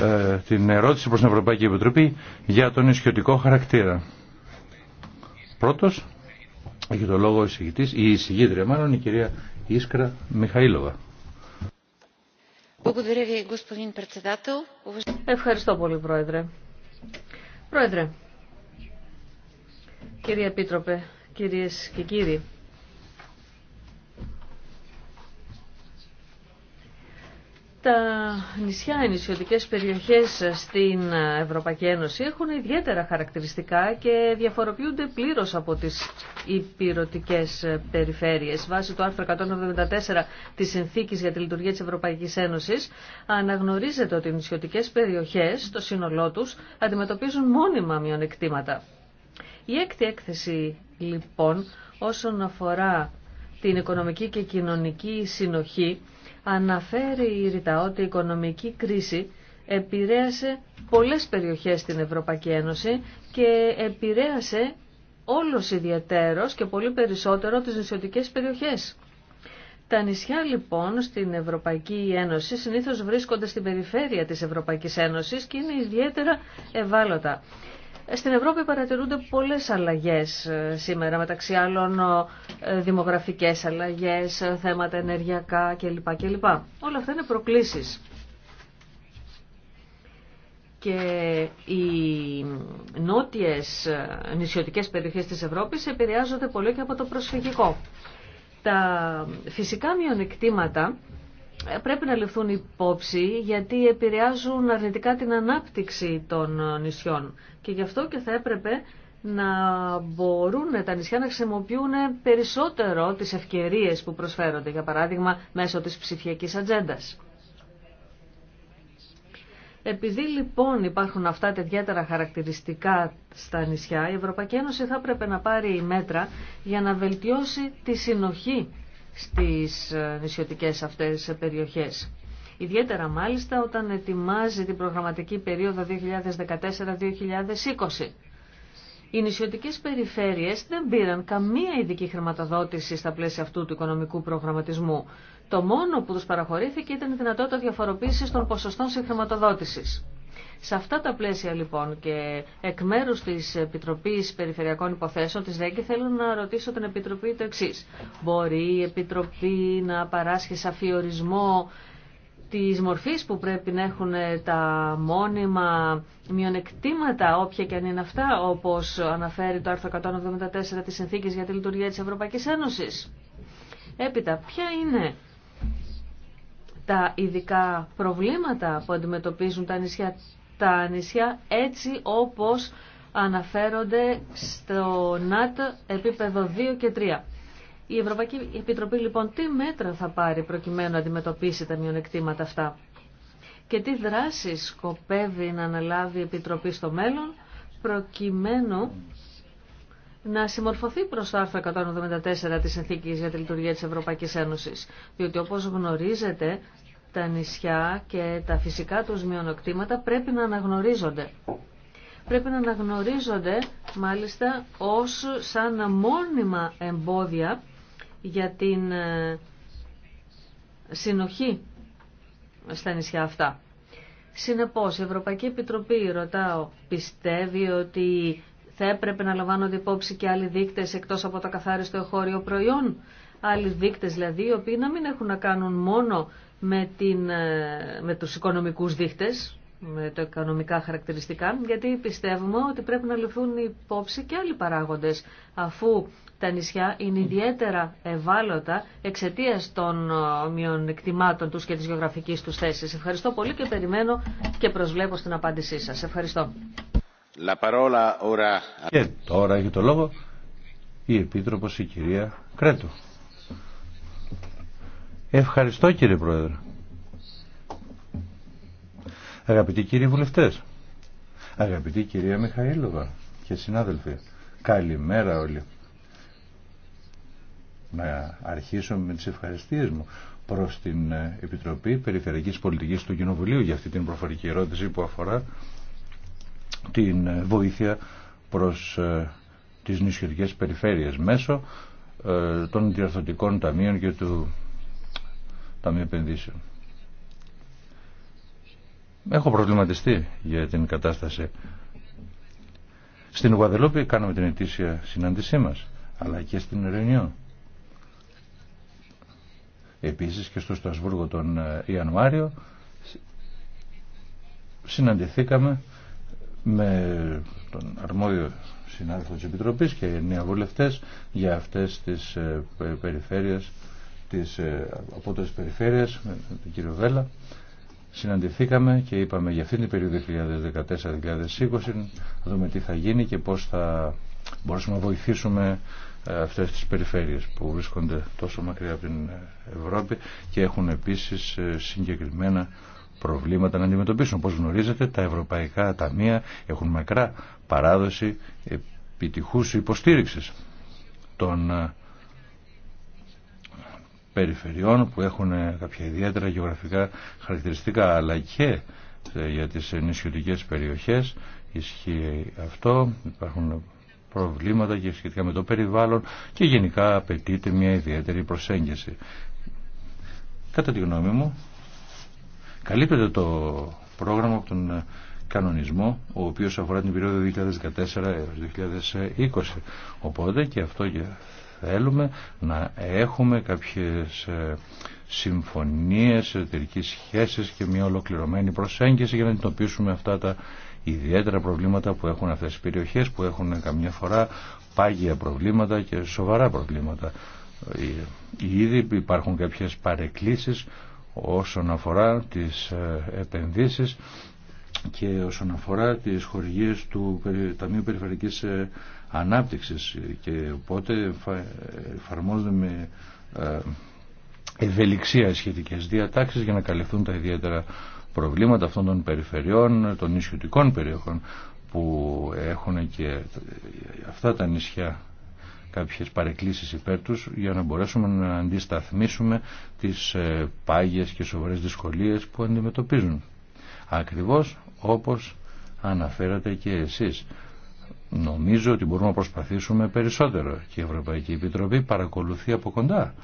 Ε, την ερώτηση προς την Ευρωπαϊκή Επιτροπή για τον ισχυωτικό χαρακτήρα. Πρώτος, έχει το λόγο ο εισηγητής, η εισηγήτρια μάλλον, η κυρία Ίσκρα Μιχαήλωβα. Ευχαριστώ πολύ, Πρόεδρε. Πρόεδρε, κύριε Επίτροπε, κυρίες και κύριοι, Τα νησιά, οι νησιωτικές περιοχές στην Ευρωπαϊκή Ένωση έχουν ιδιαίτερα χαρακτηριστικά και διαφοροποιούνται πλήρως από τις υπηρετικές περιφέρειες. Βάσει το άρθρο 174 της Συνθήκης για τη Λειτουργία της Ευρωπαϊκής Ένωσης αναγνωρίζεται ότι οι νησιωτικές περιοχές, το σύνολό τους, αντιμετωπίζουν μόνιμα μειονεκτήματα. Η έκτη έκθεση, λοιπόν, όσον αφορά την οικονομική και κοινωνική συνοχή, Αναφέρει ρητά ότι η οικονομική κρίση επηρέασε πολλές περιοχές στην Ευρωπαϊκή Ένωση και επηρέασε όλος ιδιαίτερος και πολύ περισσότερο τις νησιωτικές περιοχές. Τα νησιά λοιπόν στην Ευρωπαϊκή Ένωση συνήθως βρίσκονται στην περιφέρεια της Ευρωπαϊκής Ένωσης και είναι ιδιαίτερα ευάλωτα. Στην Ευρώπη παρατηρούνται πολλές αλλαγές ε, σήμερα, μεταξύ άλλων ε, δημογραφικές αλλαγές, ε, θέματα ενεργειακά κλπ. κλπ. Όλα αυτά είναι προκλήσεις. Και οι νότιες νησιωτικές περιοχές της Ευρώπης επηρεάζονται πολύ και από το προσφυγικό. Τα φυσικά μειονεκτήματα πρέπει να ληφθούν υπόψη γιατί επηρεάζουν αρνητικά την ανάπτυξη των ε, νησιών και γι' αυτό και θα έπρεπε να μπορούν τα νησιά να χρησιμοποιούν περισσότερο τις ευκαιρίες που προσφέρονται, για παράδειγμα μέσω της ψηφιακής ατζέντα. Επειδή λοιπόν υπάρχουν αυτά τα ιδιαίτερα χαρακτηριστικά στα νησιά, η Ευρωπαϊκή Ένωση θα έπρεπε να πάρει μέτρα για να βελτιώσει τη συνοχή στις ε, νησιωτικές αυτές περιοχές. Ιδιαίτερα μάλιστα όταν ετοιμάζει την προγραμματική περίοδο 2014-2020. Οι νησιωτικές περιφέρειες δεν πήραν καμία ειδική χρηματοδότηση στα πλαίσια αυτού του οικονομικού προγραμματισμού. Το μόνο που τους παραχωρήθηκε ήταν η δυνατότητα διαφοροποίησης των ποσοστών συγχρηματοδότησης. Σε αυτά τα πλαίσια λοιπόν και εκ μέρους της Επιτροπής Περιφερειακών Υποθέσεων της ΔΕΚΗ θέλω να ρωτήσω την Επιτροπή το εξή. Μπορεί η Επιτροπή να παράσχει σαφή ορισμό της μορφής που πρέπει να έχουν τα μόνιμα μειονεκτήματα, όποια και αν είναι αυτά, όπως αναφέρει το άρθρο 174 της Συνθήκης για τη Λειτουργία της Ευρωπαϊκής Ένωσης. Έπειτα, ποια είναι τα ειδικά προβλήματα που αντιμετωπίζουν τα νησιά τα νησιά έτσι όπως αναφέρονται στο ΝΑΤ επίπεδο 2 και 3. Η Ευρωπαϊκή Επιτροπή λοιπόν τι μέτρα θα πάρει προκειμένου να αντιμετωπίσει τα μειονεκτήματα αυτά και τι δράσεις σκοπεύει να αναλάβει η Επιτροπή στο μέλλον προκειμένου να συμμορφωθεί προς το άρθρο 174 της Συνθήκης για τη Λειτουργία της Ευρωπαϊκής Ένωσης. Διότι όπως γνωρίζετε τα νησιά και τα φυσικά τους μειονοκτήματα πρέπει να αναγνωρίζονται. Πρέπει να αναγνωρίζονται μάλιστα ως σαν μόνιμα εμπόδια για την ε, συνοχή στα νησιά αυτά. Συνεπώς, η Ευρωπαϊκή Επιτροπή, ρωτάω, πιστεύει ότι θα έπρεπε να λαμβάνονται υπόψη και άλλοι δείκτες εκτός από το καθάριστο χώριο προϊόν, άλλοι δείκτες δηλαδή, οι οποίοι να μην έχουν να κάνουν μόνο με, την, ε, με τους οικονομικούς δείχτες, με τα οικονομικά χαρακτηριστικά, γιατί πιστεύουμε ότι πρέπει να λυθούν υπόψη και άλλοι παράγοντες, αφού τα νησιά είναι ιδιαίτερα ευάλωτα εξαιτία των ε, μειονεκτημάτων τους και της γεωγραφικής τους θέσης. Ευχαριστώ πολύ και περιμένω και προσβλέπω στην απάντησή σας. Ευχαριστώ. Και τώρα έχει το λόγο η Επίτροπος η κυρία Κρέτου. Ευχαριστώ κύριε Πρόεδρε. Αγαπητοί κύριοι βουλευτές, αγαπητή κυρία Μιχαήλωβα και συνάδελφοι, καλημέρα όλοι. Να αρχίσω με τις ευχαριστίες μου προς την ε, Επιτροπή Περιφερειακής Πολιτικής του Κοινοβουλίου για αυτή την προφορική ερώτηση που αφορά την ε, βοήθεια προς ε, τις νησιωτικές περιφέρειες μέσω των διαρθωτικών ταμείων και του Ταμείο Επενδύσεων. Έχω προβληματιστεί για την κατάσταση. Στην Γουαδελόπη κάναμε την ετήσια συνάντησή μας, αλλά και στην Ρενιό. Επίσης και στο Στασβούργο τον ε, Ιανουάριο συναντηθήκαμε με τον αρμόδιο συνάδελφο της Επιτροπής και νέα βουλευτές για αυτές τις ε, περιφέρειες ε, τις απότερης περιφέρειες με τον κύριο Βέλα συναντηθήκαμε και είπαμε για αυτήν την περίοδο 2014-2020 να δούμε τι θα γίνει και πώς θα μπορούσαμε να βοηθήσουμε ε, αυτές τις περιφέρειες που βρίσκονται τόσο μακριά από την ε, Ευρώπη και έχουν επίσης συγκεκριμένα προβλήματα να αντιμετωπίσουν. Όπως γνωρίζετε τα ευρωπαϊκά ταμεία έχουν μακρά παράδοση επιτυχούς υποστήριξης των περιφερειών που έχουν ε, κάποια ιδιαίτερα γεωγραφικά χαρακτηριστικά αλλά και ε, για τις νησιωτικές περιοχές ισχύει αυτό, υπάρχουν προβλήματα και σχετικά με το περιβάλλον και γενικά απαιτείται μια ιδιαίτερη προσέγγιση. Κατά τη γνώμη μου, καλύπτεται το πρόγραμμα από τον ε, κανονισμό, ο οποίος αφορά την περίοδο 2014 2020. Οπότε και αυτό και θέλουμε να έχουμε κάποιες ε, συμφωνίες, εταιρικέ σχέσεις και μια ολοκληρωμένη προσέγγιση για να εντοπίσουμε αυτά τα ιδιαίτερα προβλήματα που έχουν αυτές οι περιοχές που έχουν καμιά φορά πάγια προβλήματα και σοβαρά προβλήματα. Ε, ήδη υπάρχουν κάποιες παρεκκλήσεις όσον αφορά τις ε, επενδύσεις και όσον αφορά τις χορηγίες του Ταμείου Περιφερειακής ανάπτυξης και οπότε εφαρμόζονται με ε, ευελιξία σχετικές διατάξεις για να καλυφθούν τα ιδιαίτερα προβλήματα αυτών των περιφερειών, των νησιωτικών περιοχών που έχουν και αυτά τα νησιά κάποιες παρεκκλήσεις υπέρ τους για να μπορέσουμε να αντισταθμίσουμε τις ε, πάγιες και σοβαρές δυσκολίες που αντιμετωπίζουν. Ακριβώς όπως αναφέρατε και εσείς Νομίζω ότι μπορούμε να προσπαθήσουμε περισσότερο και η Ευρωπαϊκή Επιτροπή παρακολουθεί από κοντά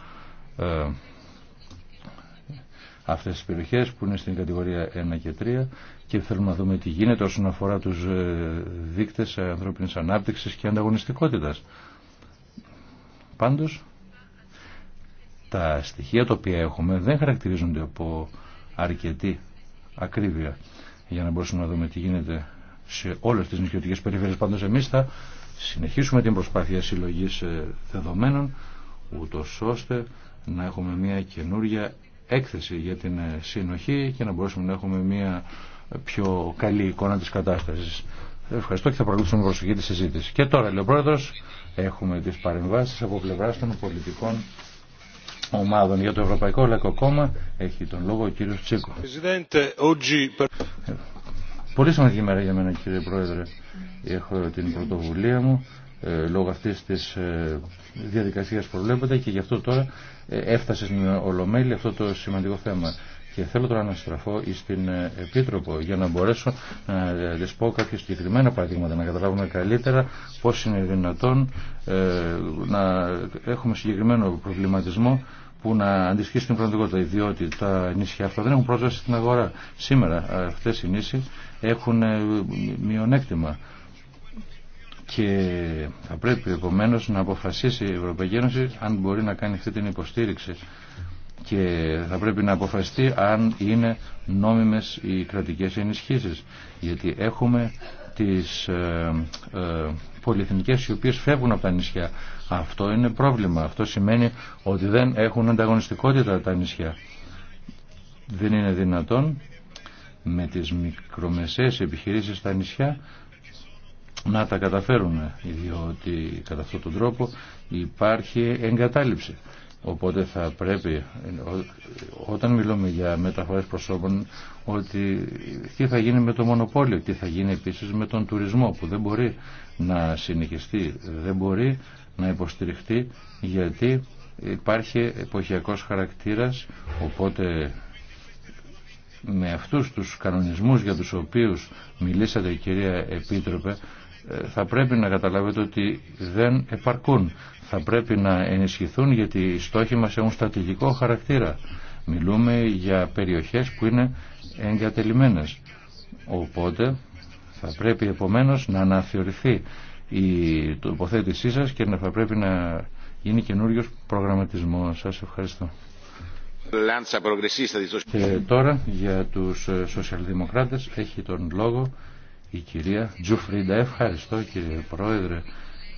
ε, αυτές τις περιοχές που είναι στην κατηγορία 1 και 3 και θέλουμε να δούμε τι γίνεται όσον αφορά τους ε, δείκτες ανθρώπινης ανάπτυξης και ανταγωνιστικότητας. Πάντως, τα στοιχεία τα οποία έχουμε δεν χαρακτηρίζονται από αρκετή ακρίβεια για να μπορούμε να δούμε τι γίνεται σε όλες τις νησιωτικές περιφέρειες. Πάντως εμείς θα συνεχίσουμε την προσπάθεια συλλογής ε, δεδομένων ούτω ώστε να έχουμε μια καινούργια έκθεση για την ε, συνοχή και να μπορέσουμε να έχουμε μια πιο καλή εικόνα της κατάστασης. Ευχαριστώ και θα παρακολουθήσουμε προσοχή τη συζήτηση. Και τώρα, λέει ο Πρόεδρος, έχουμε τις παρεμβάσεις από πλευρά των πολιτικών ομάδων. Για το Ευρωπαϊκό Λαϊκό Κόμμα έχει τον λόγο ο κύριος Τσίκο. Πολύ σημαντική μέρα για μένα κύριε Πρόεδρε. Έχω την πρωτοβουλία μου ε, λόγω αυτής της ε, διαδικασίας που βλέπετε και γι' αυτό τώρα ε, έφτασε στην Ολομέλη αυτό το σημαντικό θέμα. Και θέλω τώρα να στραφώ στην Επίτροπο για να μπορέσω να τη πω κάποια συγκεκριμένα παραδείγματα, να καταλάβουμε καλύτερα πώς είναι δυνατόν να έχουμε συγκεκριμένο προβληματισμό που να αντισχύσουν την πραγματικότητα. Διότι τα νησιά αυτά δεν έχουν πρόσβαση στην αγορά. Σήμερα αυτέ οι νήσοι έχουν ε, μειονέκτημα. Και θα πρέπει επομένω να αποφασίσει η Ευρωπαϊκή Ένωση αν μπορεί να κάνει αυτή την υποστήριξη. Και θα πρέπει να αποφασιστεί αν είναι νόμιμες οι κρατικές ενισχύσεις. Γιατί έχουμε τις ε, ε, πολυεθνικές οι οποίες φεύγουν από τα νησιά. Αυτό είναι πρόβλημα. Αυτό σημαίνει ότι δεν έχουν ανταγωνιστικότητα τα νησιά. Δεν είναι δυνατόν με τις μικρομεσαίες επιχειρήσεις στα νησιά να τα καταφέρουν διότι κατά αυτόν τον τρόπο υπάρχει εγκατάλειψη. Οπότε θα πρέπει όταν μιλούμε για μεταφορές προσώπων ότι τι θα γίνει με το μονοπόλιο, τι θα γίνει επίσης με τον τουρισμό που δεν μπορεί να συνεχιστεί, δεν μπορεί να υποστηριχτεί γιατί υπάρχει εποχιακός χαρακτήρας οπότε με αυτούς τους κανονισμούς για τους οποίους μιλήσατε κυρία Επίτροπε ε, θα πρέπει να καταλάβετε ότι δεν επαρκούν. Θα πρέπει να ενισχυθούν γιατί οι στόχοι μας έχουν στρατηγικό χαρακτήρα. Μιλούμε για περιοχές που είναι εγκατελειμμένες. Οπότε θα πρέπει επομένως να αναθεωρηθεί η τοποθέτησή σας και να θα πρέπει να γίνει καινούριος προγραμματισμός. Σας ευχαριστώ. Και τώρα για τους ε, σοσιαλδημοκράτες έχει τον λόγο η κυρία Τζουφρίντα. Ευχαριστώ κύριε Πρόεδρε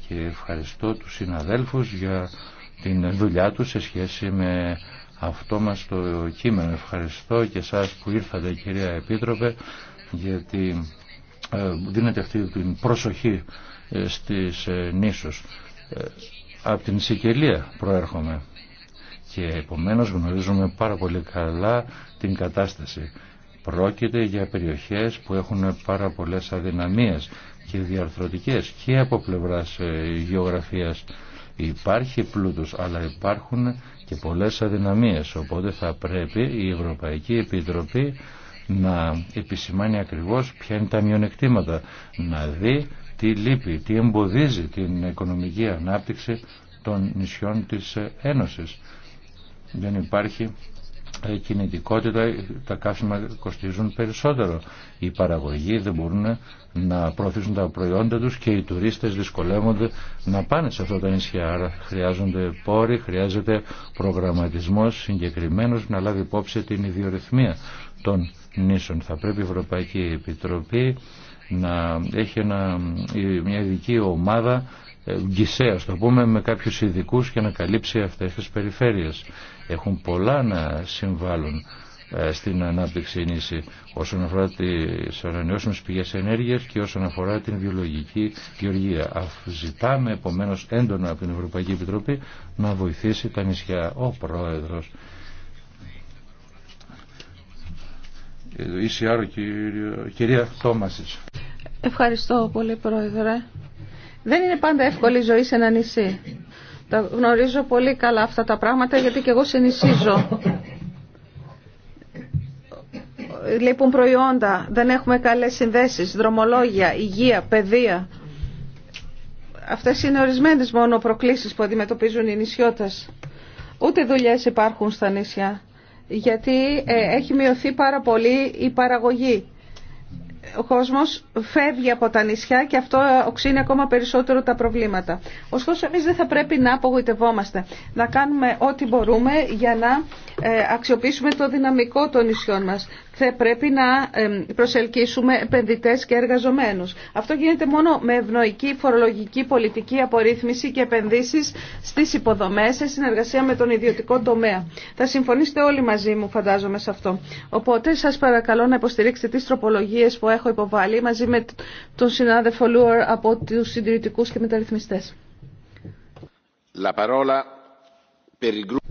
και ευχαριστώ τους συναδέλφους για την δουλειά τους σε σχέση με αυτό μας το κείμενο. Ευχαριστώ και σας που ήρθατε κυρία Επίτροπε γιατί ε, δίνετε αυτή την προσοχή ε, στις ε, νήσους. Από την Σικελία προέρχομαι και επομένως γνωρίζουμε πάρα πολύ καλά την κατάσταση. Πρόκειται για περιοχές που έχουν πάρα πολλές αδυναμίες και διαρθρωτικές και από πλευράς ε, γεωγραφίας. Υπάρχει πλούτος αλλά υπάρχουν και πολλές αδυναμίες οπότε θα πρέπει η Ευρωπαϊκή Επιτροπή να επισημάνει ακριβώς ποια είναι τα μειονεκτήματα να δει τι λείπει, τι εμποδίζει την οικονομική ανάπτυξη των νησιών της ε, Ένωσης. Δεν υπάρχει ε, κινητικότητα, τα καύσιμα κοστίζουν περισσότερο. Οι παραγωγοί δεν μπορούν να προωθήσουν τα προϊόντα τους και οι τουρίστες δυσκολεύονται να πάνε σε αυτά τα νησιά. Άρα χρειάζονται πόροι, χρειάζεται προγραμματισμός συγκεκριμένος να λάβει υπόψη την ιδιορυθμία των νήσων. Θα πρέπει η Ευρωπαϊκή Επιτροπή να έχει μια ειδική ομάδα γκισέα, το πούμε, με κάποιους ειδικού και να καλύψει αυτές τις περιφέρειες. Έχουν πολλά να συμβάλλουν ε, στην ανάπτυξη νήσι όσον αφορά τις ανανεώσιμες πηγές ενέργειας και όσον αφορά την βιολογική γεωργία. Ζητάμε επομένως έντονα από την Ευρωπαϊκή Επιτροπή να βοηθήσει τα νησιά. Ο Πρόεδρος. Ε, Ευχαριστώ πολύ Πρόεδρε. Δεν είναι πάντα εύκολη η ζωή σε ένα νησί. Τα γνωρίζω πολύ καλά αυτά τα πράγματα γιατί και εγώ σε νησί ζω. Λείπουν προϊόντα, δεν έχουμε καλές συνδέσεις, δρομολόγια, υγεία, παιδεία. Αυτές είναι ορισμένες μόνο προκλήσεις που αντιμετωπίζουν οι νησιώτες. Ούτε δουλειές υπάρχουν στα νησιά γιατί ε, έχει μειωθεί πάρα πολύ η παραγωγή ο κόσμος φεύγει από τα νησιά και αυτό οξύνει ακόμα περισσότερο τα προβλήματα. Ωστόσο, εμείς δεν θα πρέπει να απογοητευόμαστε, να κάνουμε ό,τι μπορούμε για να ε, αξιοποιήσουμε το δυναμικό των νησιών μας θα πρέπει να προσελκύσουμε επενδυτές και εργαζομένους. Αυτό γίνεται μόνο με ευνοϊκή φορολογική πολιτική απορρίθμιση και επενδύσεις στις υποδομές σε συνεργασία με τον ιδιωτικό τομέα. Θα συμφωνήσετε όλοι μαζί μου φαντάζομαι σε αυτό. Οπότε σας παρακαλώ να υποστηρίξετε τις τροπολογίες που έχω υποβάλει μαζί με τον συνάδελφο Λούαρ από τους συντηρητικούς και μεταρρυθμιστές.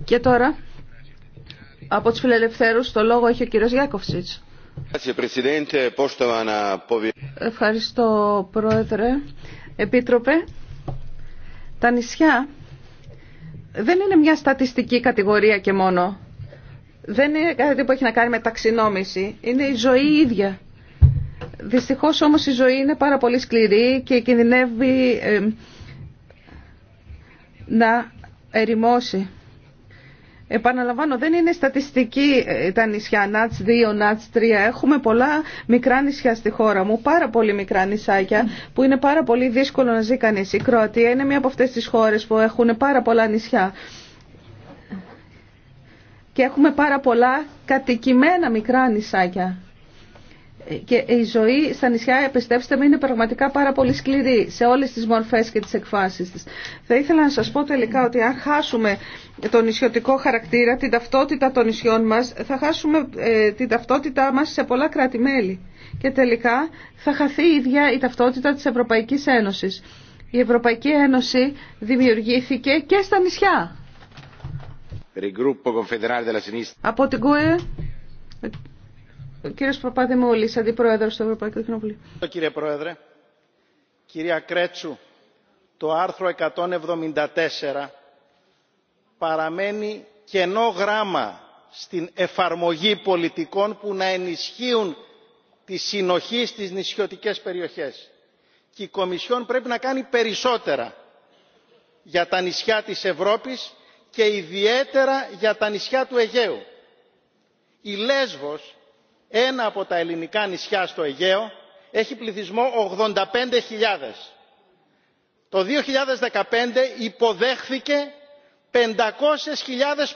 Και τώρα από τους φιλελευθέρους το λόγο έχει ο κύριος Γιάκοφσιτς. Ευχαριστώ Πρόεδρε. Επίτροπε, τα νησιά δεν είναι μια στατιστική κατηγορία και μόνο. Δεν είναι κάτι που έχει να κάνει με ταξινόμηση. Είναι η ζωή ίδια. Δυστυχώς όμως η ζωή είναι πάρα πολύ σκληρή και κινδυνεύει ε, να ερημώσει. Επαναλαμβάνω, δεν είναι στατιστική ε, τα νησιά ΝΑΤΣ 2, ΝΑΤΣ 3. Έχουμε πολλά μικρά νησιά στη χώρα μου, πάρα πολύ μικρά νησάκια, που είναι πάρα πολύ δύσκολο να ζει κανείς. Η Κροατία είναι μία από αυτές τις χώρες που έχουν πάρα πολλά νησιά. Και έχουμε πάρα πολλά κατοικημένα μικρά νησάκια. Και η ζωή στα νησιά, πιστέψτε με, είναι πραγματικά πάρα πολύ σκληρή σε όλες τις μορφές και τις εκφάσεις της. Θα ήθελα να σας πω τελικά ότι αν χάσουμε το νησιωτικό χαρακτήρα, την ταυτότητα των νησιών μας, θα χάσουμε ε, την ταυτότητά μας σε πολλά κράτη-μέλη. Και τελικά θα χαθεί η ίδια η ταυτότητα της Ευρωπαϊκής Ένωσης. Η Ευρωπαϊκή Ένωση δημιουργήθηκε και στα νησιά. Από την Κύριος Προπάτη Μόλις, Αντιπρόεδρος του Ευρωπαϊκού Κοινοβουλίου. Κύριε Πρόεδρε, κυρία Κρέτσου, το άρθρο 174 παραμένει κενό γράμμα στην εφαρμογή πολιτικών που να ενισχύουν τη συνοχή στις νησιωτικές περιοχές. Και η Κομισιόν πρέπει να κάνει περισσότερα για τα νησιά της Ευρώπης και ιδιαίτερα για τα νησιά του Αιγαίου. Η Λέσβος ένα από τα ελληνικά νησιά στο αιγαίο έχει πληθυσμό 85.000. Το 2015 υποδέχθηκε 500.000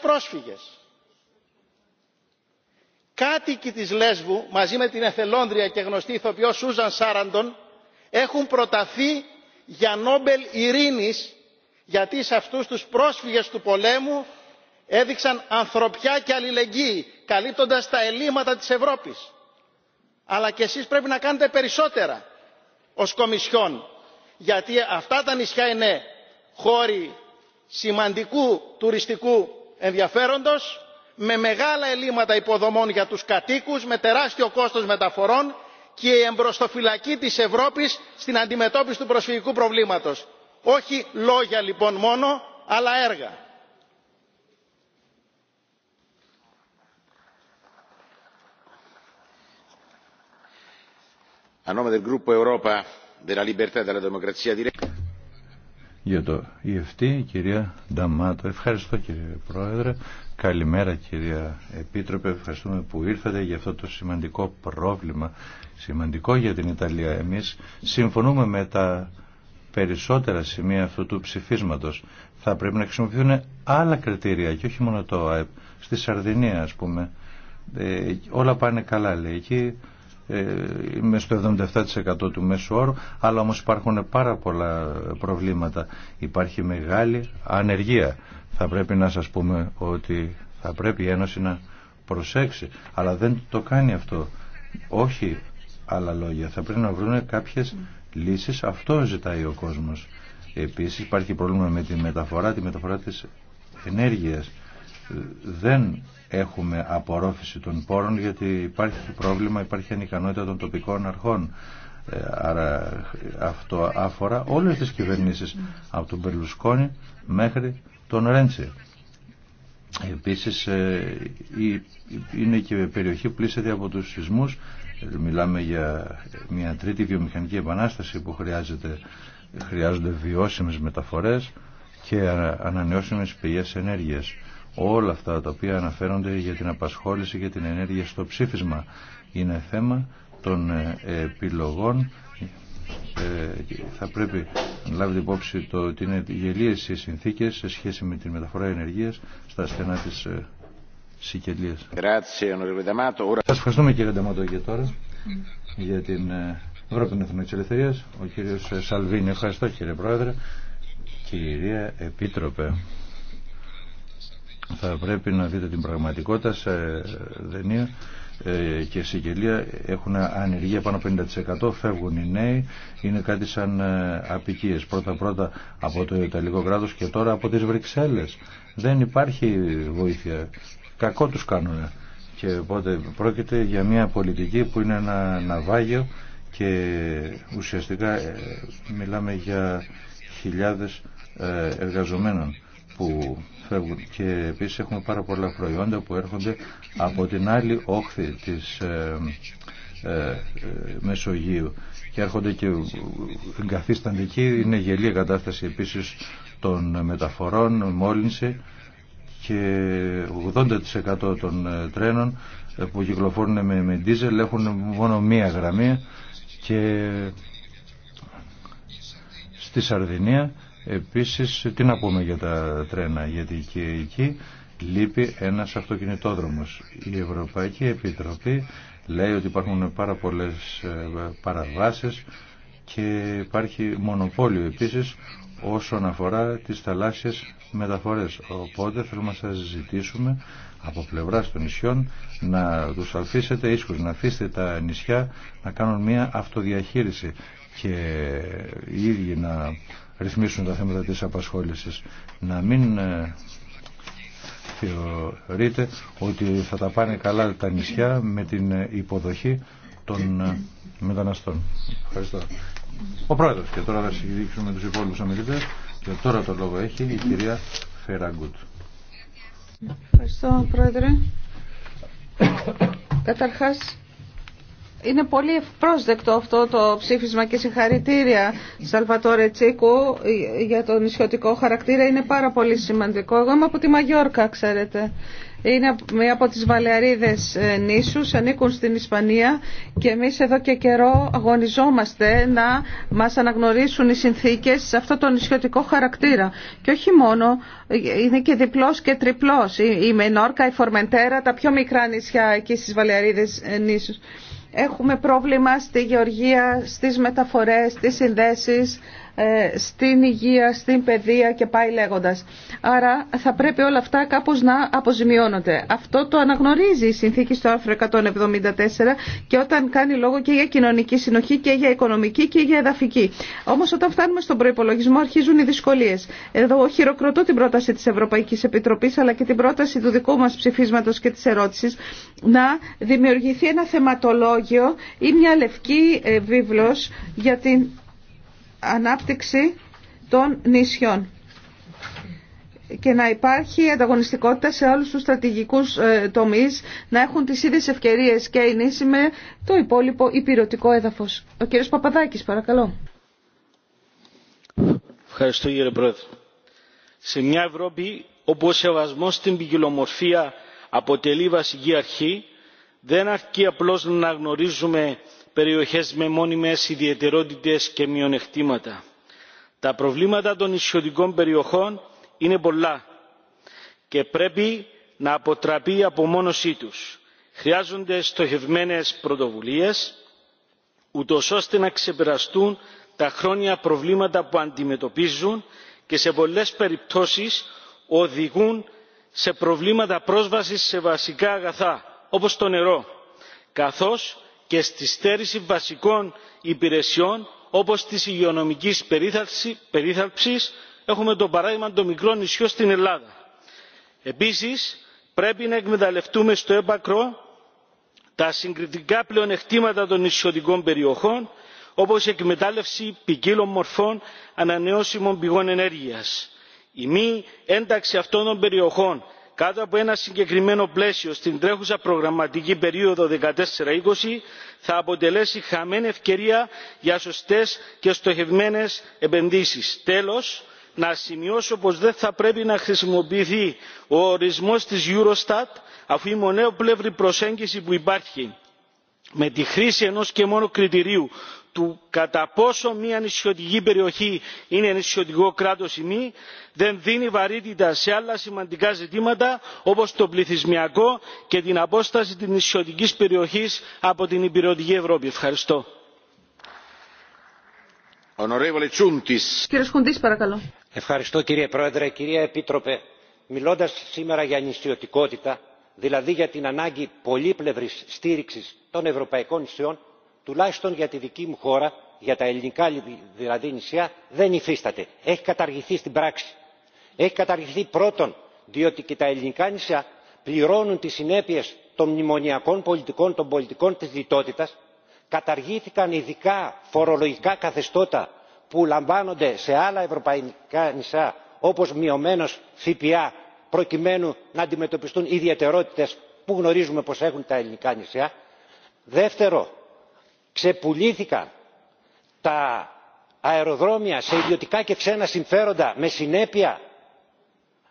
πρόσφυγες. Κάτοικοι της Λέσβου μαζί με την εθελόνδρια και γνωστή ηθοποιό Σούζαν Σάραντον έχουν προταθεί για Νόμπελ Ειρήνης γιατί σε αυτούς τους πρόσφυγες του πολέμου έδειξαν ανθρωπιά και αλληλεγγύη καλύπτοντας τα ελλείμματα της Ευρώπης. Αλλά και εσείς πρέπει να κάνετε περισσότερα ως Κομισιόν γιατί αυτά τα νησιά είναι χώροι σημαντικού τουριστικού ενδιαφέροντος με μεγάλα ελλείμματα υποδομών για τους κατοίκους, με τεράστιο κόστος μεταφορών και η εμπροστοφυλακή της Ευρώπης στην αντιμετώπιση του προσφυγικού προβλήματος. Όχι λόγια λοιπόν μόνο, αλλά έργα. a nome del κυρία Νταμάτο. Ευχαριστώ κύριε Πρόεδρε. Καλημέρα κυρία Επίτροπε. Ευχαριστούμε που ήρθατε για αυτό το σημαντικό πρόβλημα. Σημαντικό για την Ιταλία. Εμείς συμφωνούμε με τα περισσότερα σημεία αυτού του ψηφίσματος. Θα πρέπει να χρησιμοποιούν άλλα κριτήρια και όχι μόνο το ΑΕΠ. Στη Σαρδινία ας πούμε. Ε, όλα πάνε καλά λέει. Εκεί ε, είμαι στο 77% του μέσου όρου, αλλά όμως υπάρχουν πάρα πολλά προβλήματα. Υπάρχει μεγάλη ανεργία. Θα πρέπει να σας πούμε ότι θα πρέπει η Ένωση να προσέξει, αλλά δεν το κάνει αυτό. Όχι άλλα λόγια. Θα πρέπει να βρουν κάποιες λύσεις. Αυτό ζητάει ο κόσμος. Επίσης υπάρχει πρόβλημα με τη μεταφορά, τη μεταφορά της ενέργειας. Ε, δεν έχουμε απορρόφηση των πόρων γιατί υπάρχει πρόβλημα, υπάρχει ανικανότητα των τοπικών αρχών. Ε, άρα αυτό αφορά όλες τις κυβερνήσεις από τον Περλουσκόνη μέχρι τον Ρέντσι. Επίσης ε, είναι και περιοχή που πλήσεται από τους σεισμούς. Μιλάμε για μια τρίτη βιομηχανική επανάσταση που χρειάζεται, χρειάζονται βιώσιμες μεταφορές και ανανεώσιμες πηγές ενέργειας όλα αυτά τα οποία αναφέρονται για την απασχόληση και την ενέργεια στο ψήφισμα. Είναι θέμα των ε, επιλογών ε, θα πρέπει να λάβετε υπόψη το ότι είναι γελίες οι συνθήκες σε σχέση με τη μεταφορά ενεργείας στα στενά της ε, Σικελίας. Σας ευχαριστούμε κύριε Νταμάτο και τώρα για την ε, Ευρώπη των Εθνών της Ελευθερίας. Ο κύριος Σαλβίνη, ευχαριστώ κύριε Πρόεδρε. Κυρία Επίτροπε θα πρέπει να δείτε την πραγματικότητα σε Δενία ε, και Σικελία έχουν ανεργία πάνω από 50% φεύγουν οι νέοι είναι κάτι σαν ε, απικίες πρώτα πρώτα από το Ιταλικό κράτος και τώρα από τις Βρυξέλλες δεν υπάρχει βοήθεια κακό τους κάνουν και οπότε πρόκειται για μια πολιτική που είναι ένα ναυάγιο και ουσιαστικά ε, μιλάμε για χιλιάδες εργαζομένων που φεύγουν και επίσης έχουμε πάρα πολλά προϊόντα που έρχονται από την άλλη όχθη της ε, ε, ε, Μεσογείου και έρχονται και εγκαθίστανται εκεί είναι γελία κατάσταση επίσης των μεταφορών, μόλυνση και 80% των τρένων που κυκλοφορούν με, με ντίζελ έχουν μόνο μία γραμμή και στη Σαρδινία Επίσης, τι να πούμε για τα τρένα, γιατί και εκεί λείπει ένας αυτοκινητόδρομος. Η Ευρωπαϊκή Επιτροπή λέει ότι υπάρχουν πάρα πολλές ε, παραβάσεις και υπάρχει μονοπόλιο επίσης όσον αφορά τις θαλάσσιες μεταφορές. Οπότε θέλουμε να σας ζητήσουμε από πλευρά των νησιών να τους αφήσετε ίσχους, να αφήσετε τα νησιά να κάνουν μια αυτοδιαχείριση και οι να ρυθμίσουν τα θέματα της απασχόλησης. Να μην ε, θεωρείτε ότι θα τα πάνε καλά τα νησιά με την ε, υποδοχή των ε, μεταναστών. Ευχαριστώ. Ο πρόεδρος και τώρα θα συγκεκριμένουμε τους υπόλοιπους ομιλητές και τώρα το λόγο έχει η κυρία Φεραγκούτ. Ευχαριστώ πρόεδρε. Καταρχάς είναι πολύ ευπρόσδεκτο αυτό το ψήφισμα και συγχαρητήρια Σαλβατόρε Τσίκου για τον νησιωτικό χαρακτήρα. Είναι πάρα πολύ σημαντικό. Εγώ είμαι από τη Μαγιόρκα, ξέρετε. Είναι μία από τις Βαλεαρίδες ε, νήσους, ανήκουν στην Ισπανία και εμείς εδώ και καιρό αγωνιζόμαστε να μας αναγνωρίσουν οι συνθήκες σε αυτό το νησιωτικό χαρακτήρα. Και όχι μόνο, είναι και διπλός και τριπλός. Η Μενόρκα, η Φορμεντέρα, τα πιο μικρά νησιά εκεί στις Βαλεαρίδες ε, νήσους. Έχουμε πρόβλημα στη γεωργία, στις μεταφορές, στις συνδέσεις, ε, στην υγεία, στην παιδεία και πάει λέγοντας. Άρα θα πρέπει όλα αυτά κάπως να αποζημιώνονται. Αυτό το αναγνωρίζει η συνθήκη στο άρθρο 174 και όταν κάνει λόγο και για κοινωνική συνοχή και για οικονομική και για εδαφική. Όμως όταν φτάνουμε στον προϋπολογισμό αρχίζουν οι δυσκολίες. Εδώ χειροκροτώ την πρόταση της Ευρωπαϊκής Επιτροπής αλλά και την πρόταση του δικού μας ψηφίσματος και της ερώτησης να δημιουργηθεί ένα θεματολόγιο ή μια λευκή ε, βίβλος για την ανάπτυξη των νησιών και να υπάρχει ανταγωνιστικότητα σε όλους τους στρατηγικούς ε, τομείς, να έχουν τις ίδιες ευκαιρίες και η νήση με το υπόλοιπο υπηρετικό έδαφος. Ο κύριος Παπαδάκης, παρακαλώ. Ευχαριστώ κύριε Πρόεδρε. Σε μια Ευρώπη όπου ο σεβασμός στην ποικιλομορφία αποτελεί βασική αρχή, δεν αρκεί απλώς να γνωρίζουμε περιοχές με μόνιμες ιδιαιτερότητες και μειονεκτήματα. Τα προβλήματα των νησιωτικών περιοχών είναι πολλά και πρέπει να αποτραπεί από απομόνωσή τους. Χρειάζονται στοχευμένες πρωτοβουλίες, ούτως ώστε να ξεπεραστούν τα χρόνια προβλήματα που αντιμετωπίζουν και σε πολλές περιπτώσεις οδηγούν σε προβλήματα πρόσβασης σε βασικά αγαθά όπως το νερό καθώς και στη στέρηση βασικών υπηρεσιών όπως της υγειονομικής περίθαλψης έχουμε το παράδειγμα των μικρών νησιών στην ελλάδα. επίσης πρέπει να εκμεταλλευτούμε στο έπακρο τα συγκριτικά πλεονεκτήματα των νησιωτικών περιοχών όπως η εκμετάλλευση ποικίλων μορφών ανανεώσιμων πηγών ενέργειας. η μη ένταξη αυτών των περιοχών κάτω από ένα συγκεκριμένο πλαίσιο στην τρέχουσα προγραμματική περίοδο 14-20 θα αποτελέσει χαμένη ευκαιρία για σωστές και στοχευμένες επενδύσεις. Τέλος, να σημειώσω πως δεν θα πρέπει να χρησιμοποιηθεί ο ορισμός της Eurostat αφού η μονέοπλευρη προσέγγιση που υπάρχει με τη χρήση ενός και μόνο κριτηρίου του κατά πόσο μια νησιωτική περιοχή είναι νησιωτικό κράτος ή μη δεν δίνει βαρύτητα σε άλλα σημαντικά ζητήματα όπως το πληθυσμιακό και την απόσταση της νησιωτικής περιοχής από την υπηρετική Ευρώπη. Ευχαριστώ. Κύριε παρακαλώ. Ευχαριστώ κύριε Πρόεδρε. Κυρία Επίτροπε, μιλώντας σήμερα για νησιωτικότητα, δηλαδή για την ανάγκη πολύπλευρης στήριξης των ευρωπαϊκών νησιών, τουλάχιστον για τη δική μου χώρα για τα ελληνικά δηλαδή νησιά δεν υφίσταται έχει καταργηθεί στην πράξη. έχει καταργηθεί πρώτον διότι και τα ελληνικά νησιά πληρώνουν τις συνέπειες των μνημονιακών πολιτικών των πολιτικών της λιτότητας καταργήθηκαν ειδικά φορολογικά καθεστώτα που λαμβάνονται σε άλλα ευρωπαϊκά νησιά όπως μειωμένο ΦΠΑ προκειμένου να αντιμετωπιστούν ιδιαιτερότητες που γνωρίζουμε πως έχουν τα ελληνικά νησιά. δεύτερο ξεπουλήθηκαν τα αεροδρόμια σε ιδιωτικά και ξένα συμφέροντα με συνέπεια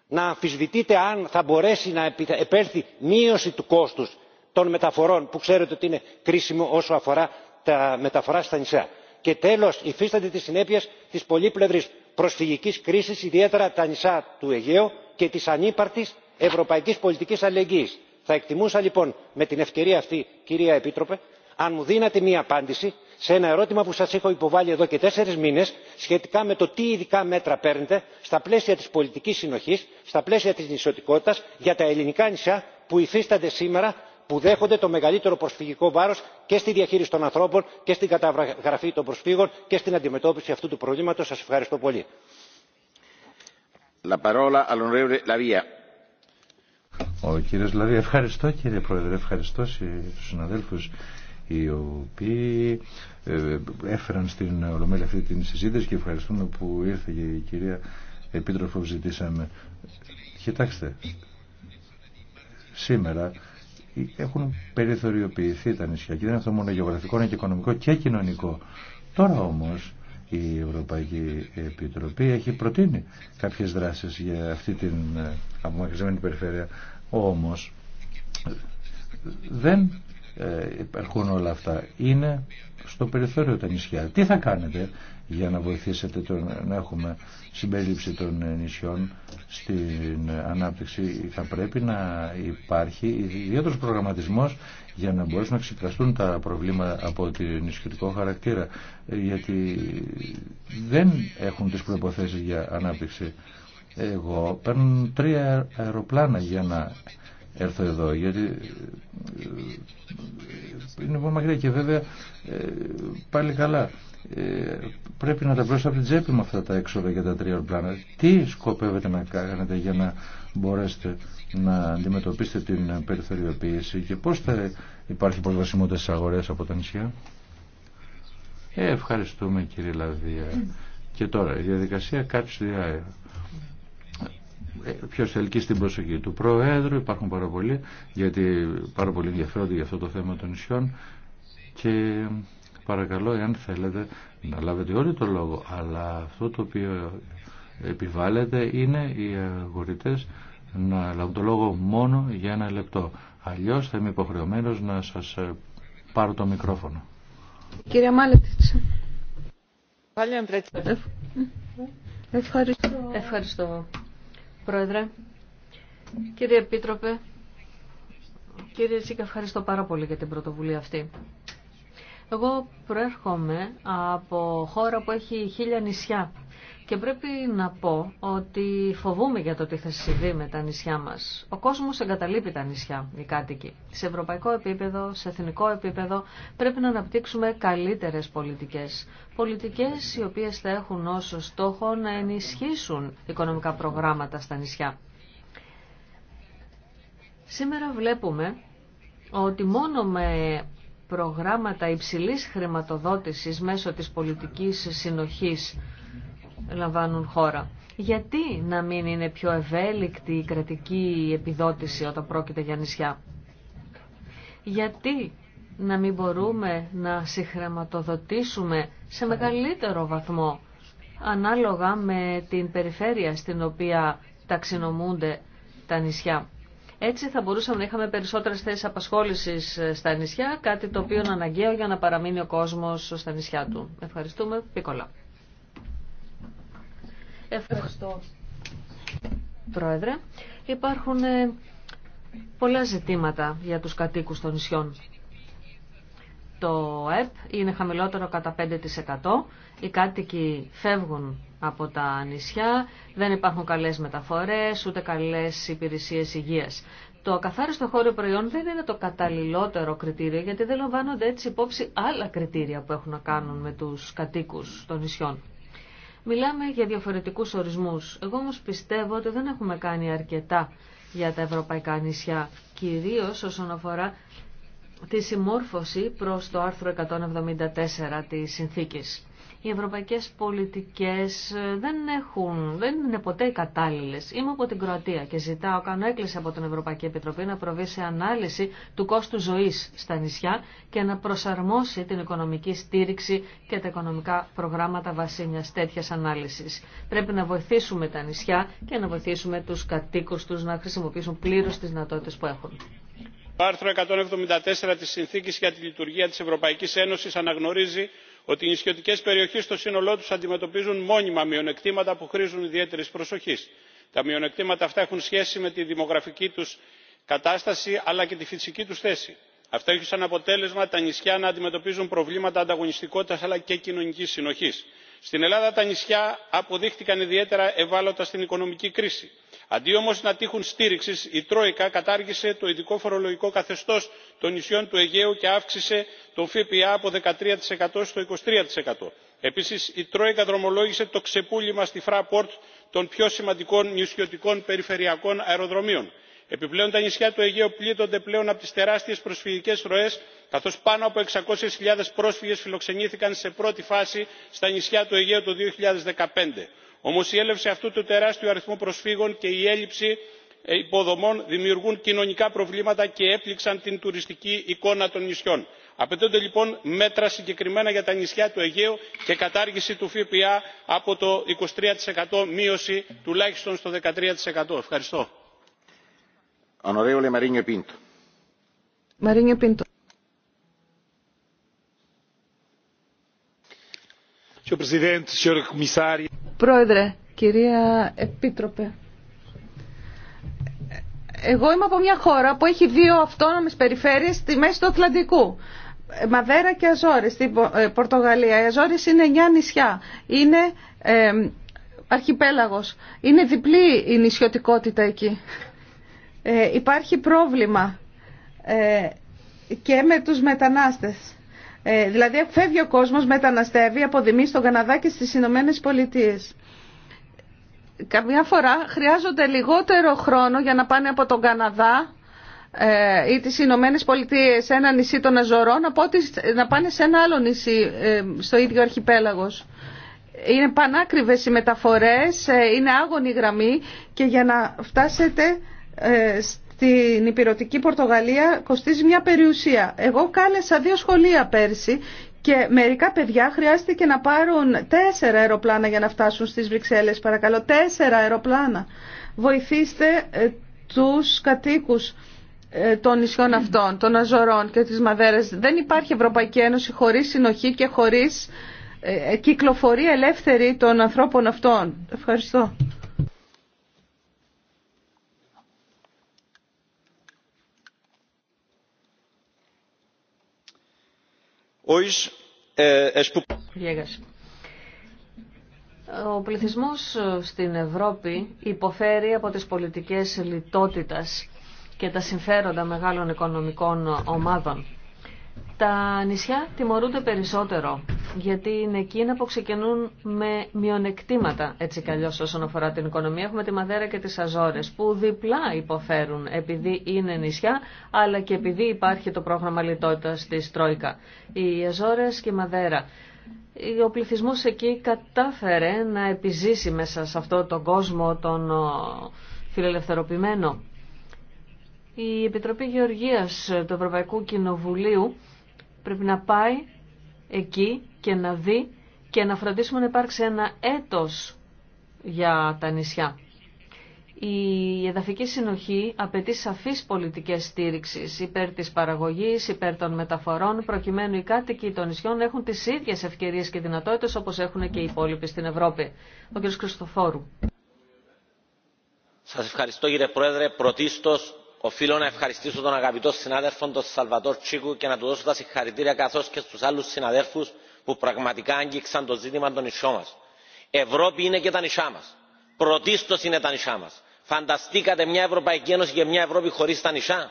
να αμφισβητείται αν θα μπορέσει να επέλθει μείωση του κόστους των μεταφορών που ξέρετε ότι είναι κρίσιμο όσο αφορά τα μεταφορά στα νησιά. Και τέλος υφίστανται τις συνέπειες της πολύπλευρης προσφυγικής κρίσης ιδιαίτερα τα νησιά του Αιγαίου και της ανύπαρτης ευρωπαϊκής πολιτικής αλληλεγγύης. Θα εκτιμούσα λοιπόν με την ευκαιρία αυτή κυρία Επίτροπε αν μου δίνατε μια απάντηση σε ένα ερώτημα που σας έχω υποβάλει εδώ και τέσσερις μήνες σχετικά με το τι ειδικά μέτρα παίρνετε στα πλαίσια της πολιτικής συνοχής στα πλαίσια της νησιωτικότητας για τα ελληνικά νησιά που υφίστανται σήμερα που δέχονται το μεγαλύτερο προσφυγικό βάρος και στη διαχείριση των ανθρώπων και στην καταγραφή των προσφύγων και στην αντιμετώπιση αυτού του προβλήματος. σας ευχαριστώ πολύ. ευχαριστώ κύριε οι οποίοι ε, έφεραν στην Ολομέλη αυτή την συζήτηση και ευχαριστούμε που ήρθε και η κυρία Επίτροφο που ζητήσαμε. Κοιτάξτε, σήμερα έχουν περιθωριοποιηθεί τα νησιά και δεν είναι αυτό μόνο γεωγραφικό, είναι και οικονομικό και κοινωνικό. Τώρα όμως η Ευρωπαϊκή Επιτροπή έχει προτείνει κάποιες δράσεις για αυτή την ε, απομακρυσμένη περιφέρεια. Όμως δεν ε, υπάρχουν όλα αυτά. Είναι στο περιθώριο τα νησιά. Τι θα κάνετε για να βοηθήσετε τον, να έχουμε συμπερίληψη των νησιών στην ανάπτυξη. Θα πρέπει να υπάρχει ιδιαίτερος προγραμματισμός για να μπορέσουν να ξεπραστούν τα προβλήματα από την νησιωτικό χαρακτήρα γιατί δεν έχουν τις προϋποθέσεις για ανάπτυξη. Εγώ παίρνω τρία αεροπλάνα για να έρθω εδώ γιατί ε, είναι πολύ μακριά και βέβαια ε, πάλι καλά ε, πρέπει να τα βρω από την τσέπη με αυτά τα έξοδα για τα τρία πλάνα. Τι σκοπεύετε να κάνετε για να μπορέσετε να αντιμετωπίσετε την περιθωριοποίηση και πώς θα υπάρχει προσβασιμότητα στις αγορές από τα νησιά. Ε, ευχαριστούμε κύριε Λαδία. Και τώρα η διαδικασία catch the ποιο ελκύει στην προσοχή του Προέδρου. Υπάρχουν πάρα πολλοί, γιατί πάρα πολύ ενδιαφέρονται για αυτό το θέμα των νησιών. Και παρακαλώ, εάν θέλετε, να λάβετε όλοι το λόγο. Αλλά αυτό το οποίο επιβάλλεται είναι οι αγορητέ να λάβουν το λόγο μόνο για ένα λεπτό. Αλλιώ θα είμαι υποχρεωμένο να σα πάρω το μικρόφωνο. Κύριε Ευχαριστώ. Ευχαριστώ. Πρόεδρε, κύριε Επίτροπε, κύριε Σίκα, ευχαριστώ πάρα πολύ για την πρωτοβουλία αυτή. Εγώ προέρχομαι από χώρα που έχει χίλια νησιά και πρέπει να πω ότι φοβούμε για το τι θα συμβεί με τα νησιά μας. Ο κόσμος εγκαταλείπει τα νησιά, οι κάτοικοι. Σε ευρωπαϊκό επίπεδο, σε εθνικό επίπεδο πρέπει να αναπτύξουμε καλύτερες πολιτικές. Πολιτικές οι οποίες θα έχουν ω στόχο να ενισχύσουν οικονομικά προγράμματα στα νησιά. Σήμερα βλέπουμε ότι μόνο με προγράμματα υψηλής χρηματοδότησης μέσω της πολιτικής συνοχής λαμβάνουν χώρα. Γιατί να μην είναι πιο ευέλικτη η κρατική επιδότηση όταν πρόκειται για νησιά. Γιατί να μην μπορούμε να συγχρηματοδοτήσουμε σε μεγαλύτερο βαθμό ανάλογα με την περιφέρεια στην οποία ταξινομούνται τα νησιά. Έτσι θα μπορούσαμε να είχαμε περισσότερες θέσεις απασχόλησης ε, στα νησιά, κάτι το οποίο είναι αναγκαίο για να παραμείνει ο κόσμος στα νησιά του. Ευχαριστούμε. Πίκολα. Ευχαριστώ. Πρόεδρε, υπάρχουν ε, πολλά ζητήματα για τους κατοίκους των νησιών. Το ΕΠ είναι χαμηλότερο κατά 5%. Οι κάτοικοι φεύγουν από τα νησιά, δεν υπάρχουν καλές μεταφορές, ούτε καλές υπηρεσίες υγείας. Το καθάριστο χώριο προϊόν δεν είναι το καταλληλότερο κριτήριο, γιατί δεν λαμβάνονται έτσι υπόψη άλλα κριτήρια που έχουν να κάνουν με τους κατοίκους των νησιών. Μιλάμε για διαφορετικούς ορισμούς. Εγώ όμως πιστεύω ότι δεν έχουμε κάνει αρκετά για τα ευρωπαϊκά νησιά, κυρίως όσον αφορά τη συμμόρφωση προς το άρθρο 174 της συνθήκης οι ευρωπαϊκές πολιτικές ε, δεν έχουν, δεν είναι ποτέ οι κατάλληλες. Είμαι από την Κροατία και ζητάω, κάνω έκκληση από την Ευρωπαϊκή Επιτροπή να προβεί σε ανάλυση του κόστου ζωής στα νησιά και να προσαρμόσει την οικονομική στήριξη και τα οικονομικά προγράμματα βασί τέτοια ανάλυση. Πρέπει να βοηθήσουμε τα νησιά και να βοηθήσουμε τους κατοίκους τους να χρησιμοποιήσουν πλήρω τις δυνατότητες που έχουν. Το άρθρο 174 της Συνθήκης για τη Λειτουργία της Ευρωπαϊκής Ένωσης αναγνωρίζει ότι οι νησιωτικέ περιοχές στο σύνολό του αντιμετωπίζουν μόνιμα μειονεκτήματα που χρήζουν ιδιαίτερης προσοχής. τα μειονεκτήματα αυτά έχουν σχέση με τη δημογραφική τους κατάσταση αλλά και τη φυσική τους θέση. αυτό έχει σαν αποτέλεσμα τα νησιά να αντιμετωπίζουν προβλήματα ανταγωνιστικότητα αλλά και κοινωνική συνοχή. στην ελλάδα τα νησιά αποδείχτηκαν ιδιαίτερα ευάλωτα στην οικονομική κρίση αντί όμως να τύχουν στήριξης η τρόικα κατάργησε το ειδικό φορολογικό καθεστώς των νησιών του αιγαίου και αύξησε το ΦΠΑ από 13% στο. 23%. επίσης η τρόικα δρομολόγησε το ξεπούλημα στη fraport των πιο σημαντικών νησιωτικών περιφερειακών αεροδρομίων. επιπλέον τα νησιά του αιγαίου πλήττονται πλέον από τις τεράστιες προσφυγικές ροές καθώς πάνω από 600.000 πρόσφυγες φιλοξενήθηκαν σε πρώτη φάση στα νησιά του αιγαίου το 2015. Όμω η έλευση αυτού του τεράστιου αριθμού προσφύγων και η έλλειψη ε, υποδομών δημιουργούν κοινωνικά προβλήματα και έπληξαν την τουριστική εικόνα των νησιών. απαιτούνται λοιπόν μέτρα συγκεκριμένα για τα νησιά του αιγαίου και κατάργηση του ΦΠΑ από το 23% μείωση τουλάχιστον στο 13%. Ευχαριστώ. Πρόεδρε, κυρία Επίτροπε, εγώ είμαι από μια χώρα που έχει δύο αυτόνομες περιφέρειες στη μέση του Ατλαντικού. Μαδέρα και Αζόρες στην ε, Πορτογαλία. Οι Αζόρες είναι εννιά νησιά. Είναι ε, αρχιπέλαγος. Είναι διπλή η νησιωτικότητα εκεί. Ε, υπάρχει πρόβλημα ε, και με τους μετανάστες. Ε, δηλαδή φεύγει ο κόσμος, μεταναστεύει από Δημή στον Καναδά και στις Ηνωμένε Πολιτείε. Καμιά φορά χρειάζονται λιγότερο χρόνο για να πάνε από τον Καναδά ε, ή τις Ηνωμένε Πολιτείε σε ένα νησί των Αζωρών από ότι να πάνε σε ένα άλλο νησί ε, στο ίδιο αρχιπέλαγος. Είναι πανάκριβες οι μεταφορές, είναι άγωνη γραμμή και για να φτάσετε στην υπηρετική Πορτογαλία κοστίζει μια περιουσία. Εγώ κάλεσα δύο σχολεία πέρσι και μερικά παιδιά χρειάστηκε να πάρουν τέσσερα αεροπλάνα για να φτάσουν στις Βρυξέλλες. Παρακαλώ, τέσσερα αεροπλάνα. Βοηθήστε ε, τους κατοίκους ε, των νησιών αυτών, των Αζωρών και της Μαδέρας. Δεν υπάρχει Ευρωπαϊκή Ένωση χωρίς συνοχή και χωρίς ε, κυκλοφορία ελεύθερη των ανθρώπων αυτών. Ευχαριστώ. Ε, Ο πληθυσμός στην Ευρώπη υποφέρει από τις πολιτικές λιτότητας και τα συμφέροντα μεγάλων οικονομικών ομάδων. Τα νησιά τιμωρούνται περισσότερο, γιατί είναι εκείνα που ξεκινούν με μειονεκτήματα, έτσι κι όσον αφορά την οικονομία. Έχουμε τη Μαδέρα και τις Αζόρες, που διπλά υποφέρουν επειδή είναι νησιά, αλλά και επειδή υπάρχει το πρόγραμμα λιτότητας της Τρόικα. Οι Αζόρες και η Μαδέρα. Ο πληθυσμό εκεί κατάφερε να επιζήσει μέσα σε αυτό τον κόσμο τον φιλελευθερωποιημένο. Η Επιτροπή Γεωργίας του Ευρωπαϊκού Κοινοβουλίου Πρέπει να πάει εκεί και να δει και να φροντίσουμε να υπάρξει ένα έτος για τα νησιά. Η εδαφική συνοχή απαιτεί σαφείς πολιτικές στήριξης υπέρ της παραγωγής, υπέρ των μεταφορών, προκειμένου οι κάτοικοι των νησιών να έχουν τις ίδιες ευκαιρίες και δυνατότητες όπως έχουν και οι υπόλοιποι στην Ευρώπη. Ο κ. Κρυστοφόρου. Σας ευχαριστώ κύριε Πρόεδρε. Πρωτίστως Οφείλω να ευχαριστήσω τον αγαπητό συνάδελφο τον Σαλβατόρ Τσίκου και να του δώσω τα συγχαρητήρια καθώ και στου άλλου συναδέλφου που πραγματικά άγγιξαν το ζήτημα των νησιών μα. Ευρώπη είναι και τα νησιά μα. Πρωτίστω είναι τα νησιά μα. Φανταστήκατε μια Ευρωπαϊκή Ένωση και μια Ευρώπη χωρί τα νησιά.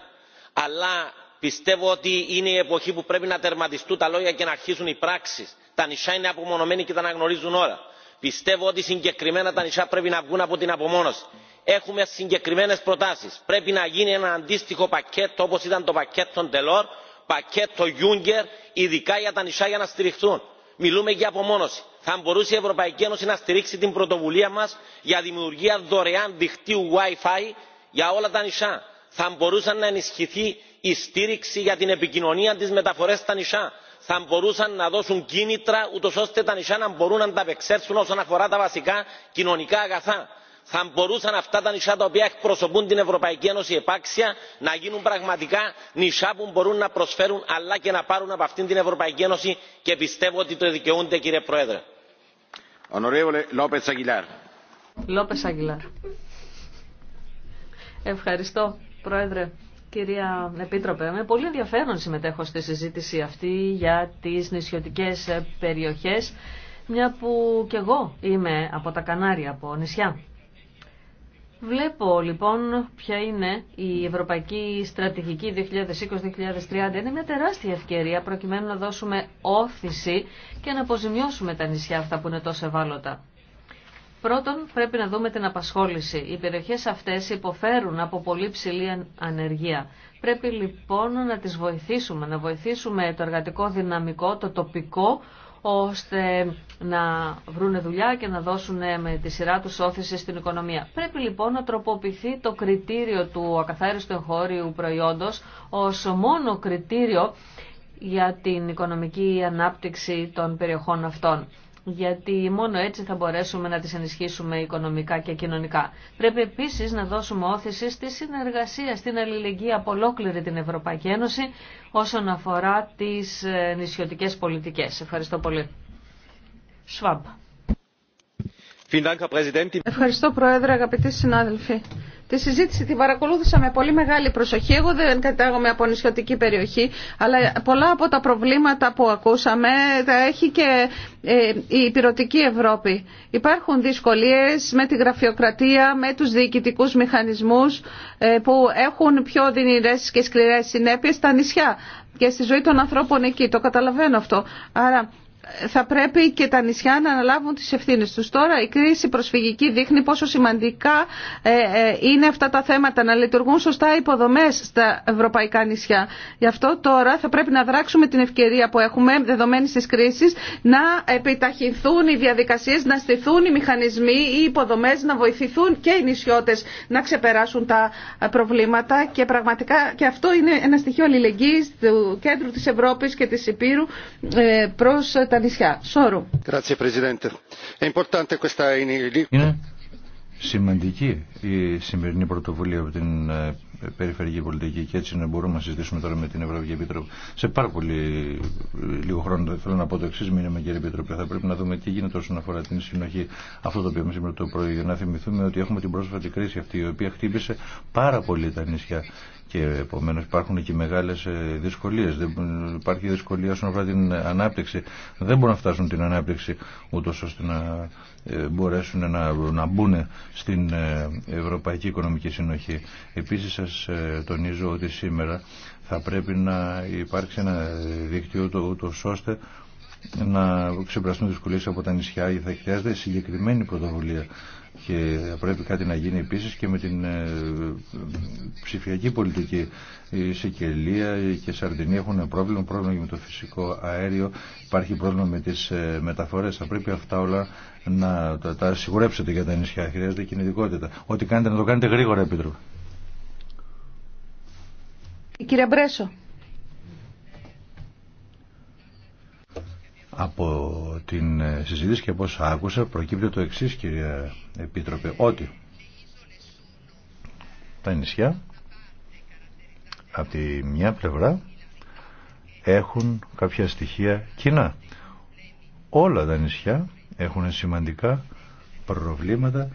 Αλλά πιστεύω ότι είναι η εποχή που πρέπει να τερματιστούν τα λόγια και να αρχίσουν οι πράξει. Τα νησιά είναι απομονωμένοι και τα αναγνωρίζουν όλα. Πιστεύω ότι συγκεκριμένα τα νησιά πρέπει να βγουν από την απομόνωση έχουμε συγκεκριμένες προτάσεις. πρέπει να γίνει ένα αντίστοιχο πακέτο όπως ήταν το πακέτο των Τελόρ, πακέτο Γιούγκερ, ειδικά για τα νησιά για να στηριχθούν. Μιλούμε για απομόνωση. Θα μπορούσε η Ευρωπαϊκή Ένωση να στηρίξει την πρωτοβουλία μας για δημιουργία δωρεάν δικτύου Wi-Fi για όλα τα νησιά. Θα μπορούσαν να ενισχυθεί η στήριξη για την επικοινωνία της μεταφορές στα νησιά. Θα μπορούσαν να δώσουν κίνητρα ούτως ώστε τα νησιά να μπορούν να ανταπεξέλθουν όσον αφορά τα βασικά κοινωνικά αγαθά θα μπορούσαν αυτά τα νησιά τα οποία εκπροσωπούν την Ευρωπαϊκή Ένωση επάξια να γίνουν πραγματικά νησιά που μπορούν να προσφέρουν αλλά και να πάρουν από αυτήν την Ευρωπαϊκή Ένωση και πιστεύω ότι το δικαιούνται κύριε Πρόεδρε. Ευχαριστώ Πρόεδρε. Κυρία Επίτροπε, με πολύ ενδιαφέρον συμμετέχω στη συζήτηση αυτή για τις νησιωτικές περιοχές, μια που κι εγώ είμαι από τα Κανάρια, από νησιά. Βλέπω λοιπόν ποια είναι η Ευρωπαϊκή Στρατηγική 2020-2030. Είναι μια τεράστια ευκαιρία προκειμένου να δώσουμε όθηση και να αποζημιώσουμε τα νησιά αυτά που είναι τόσο ευάλωτα. Πρώτον, πρέπει να δούμε την απασχόληση. Οι περιοχές αυτές υποφέρουν από πολύ ψηλή ανεργία. Πρέπει λοιπόν να τις βοηθήσουμε, να βοηθήσουμε το εργατικό δυναμικό, το τοπικό, ώστε να βρούνε δουλειά και να δώσουν με τη σειρά τους όθηση στην οικονομία. Πρέπει λοιπόν να τροποποιηθεί το κριτήριο του ακαθάριστου εγχώριου προϊόντος ως μόνο κριτήριο για την οικονομική ανάπτυξη των περιοχών αυτών γιατί μόνο έτσι θα μπορέσουμε να τις ενισχύσουμε οικονομικά και κοινωνικά. Πρέπει επίσης να δώσουμε όθηση στη συνεργασία, στην αλληλεγγύη από ολόκληρη την Ευρωπαϊκή Ένωση όσον αφορά τις ε, νησιωτικές πολιτικές. Ευχαριστώ πολύ. Schwab. Ευχαριστώ Πρόεδρε, αγαπητοί συνάδελφοι. Τη συζήτηση την παρακολούθησα με πολύ μεγάλη προσοχή. Εγώ δεν κατάγομαι από νησιωτική περιοχή, αλλά πολλά από τα προβλήματα που ακούσαμε τα έχει και ε, η υπηρετική Ευρώπη. Υπάρχουν δυσκολίες με τη γραφειοκρατία, με τους διοικητικούς μηχανισμούς ε, που έχουν πιο δυνηρές και σκληρές συνέπειες στα νησιά και στη ζωή των ανθρώπων εκεί. Το καταλαβαίνω αυτό. Άρα θα πρέπει και τα νησιά να αναλάβουν τις ευθύνες τους. Τώρα η κρίση προσφυγική δείχνει πόσο σημαντικά ε, ε, είναι αυτά τα θέματα να λειτουργούν σωστά οι υποδομές στα ευρωπαϊκά νησιά. Γι' αυτό τώρα θα πρέπει να δράξουμε την ευκαιρία που έχουμε δεδομένη της κρίσης να επιταχυνθούν οι διαδικασίες, να στηθούν οι μηχανισμοί, οι υποδομές, να βοηθηθούν και οι νησιώτες να ξεπεράσουν τα προβλήματα και πραγματικά και αυτό είναι ένα στοιχείο αλληλεγγύης του κέντρου της Ευρώπης και της Υπήρου ε, προς τα τα νησιά. Σόρου. Είναι σημαντική η σημερινή πρωτοβουλία από την ε, περιφερειακή πολιτική και έτσι να μπορούμε να συζητήσουμε τώρα με την Ευρωπαϊκή Επίτροπη. Σε πάρα πολύ ε, λίγο χρόνο θέλω να πω το εξή μήνυμα, κύριε Επίτροπη. Θα πρέπει να δούμε τι γίνεται όσον αφορά την συνοχή. Αυτό το οποίο σήμερα το πρωί. για Να θυμηθούμε ότι έχουμε την πρόσφατη κρίση αυτή, η οποία χτύπησε πάρα πολύ τα νησιά και επομένω υπάρχουν και μεγάλε δυσκολίε. Υπάρχει δυσκολία όσον αφορά την ανάπτυξη. Δεν μπορούν να φτάσουν την ανάπτυξη ούτω ώστε να ε, μπορέσουν να, να μπουν στην ε, Ευρωπαϊκή Οικονομική Συνοχή. Επίση σα ε, τονίζω ότι σήμερα θα πρέπει να υπάρξει ένα δίκτυο ούτω ώστε να ξεπεραστούν δυσκολίε από τα νησιά ή θα χρειάζεται συγκεκριμένη πρωτοβουλία και πρέπει κάτι να γίνει επίσης και με την ε, ψηφιακή πολιτική. Η Σικελία και η Σαρδινία έχουν πρόβλημα, πρόβλημα και με το φυσικό αέριο, υπάρχει πρόβλημα με τις ε, μεταφορές. Θα πρέπει αυτά όλα να τα, τα σιγουρέψετε για τα νησιά. Χρειάζεται κινητικότητα. Ό,τι κάνετε να το κάνετε γρήγορα, Επίτροπε. Κύριε Μπρέσο. Από την ε, συζήτηση και από όσα άκουσα προκύπτει το εξής κύριε Επίτροπε ότι τα νησιά από τη μια πλευρά έχουν κάποια στοιχεία κοινά. Όλα τα νησιά έχουν σημαντικά προβλήματα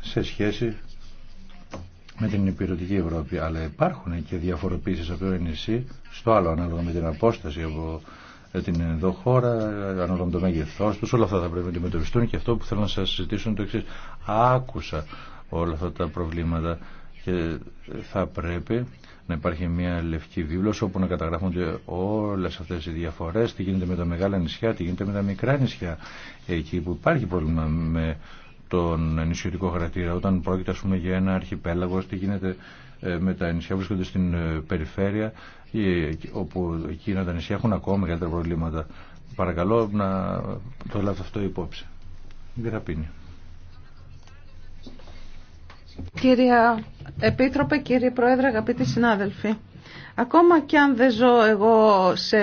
σε σχέση με την υπηρετική Ευρώπη αλλά υπάρχουν και διαφοροποίησεις από το νησί στο άλλο ανάλογα με την απόσταση από την εδώ χώρα, ανάλογα με το μέγεθό του, όλα αυτά θα πρέπει να αντιμετωπιστούν και αυτό που θέλω να σα συζητήσω είναι το εξή. Άκουσα όλα αυτά τα προβλήματα και θα πρέπει να υπάρχει μια λευκή βίβλος όπου να καταγράφονται όλες αυτές οι διαφορές, τι γίνεται με τα μεγάλα νησιά, τι γίνεται με τα μικρά νησιά, εκεί που υπάρχει πρόβλημα με τον νησιωτικό χαρακτήρα, όταν πρόκειται ας πούμε για ένα αρχιπέλαγος, τι γίνεται ε, με τα νησιά βρίσκονται στην ε, περιφέρεια ε, όπου εκείνα τα νησιά έχουν ακόμα μεγαλύτερα προβλήματα. Παρακαλώ να το λάβετε αυτό υπόψη. Γραπίνη. Κυρία Επίτροπε, κύριε Πρόεδρε, αγαπητοί συνάδελφοι. Ακόμα και αν δεν ζω εγώ σε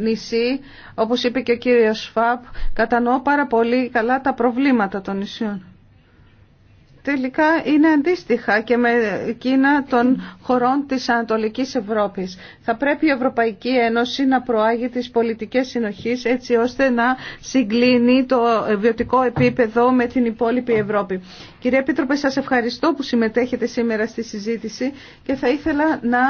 νησί, όπως είπε και ο κύριος Φαπ κατανοώ πάρα πολύ καλά τα προβλήματα των νησιών τελικά είναι αντίστοιχα και με εκείνα των χωρών της Ανατολικής Ευρώπης. Θα πρέπει η Ευρωπαϊκή Ένωση να προάγει τις πολιτικές συνοχής έτσι ώστε να συγκλίνει το βιωτικό επίπεδο με την υπόλοιπη Ευρώπη. Κύριε Επίτροπε, σας ευχαριστώ που συμμετέχετε σήμερα στη συζήτηση και θα ήθελα να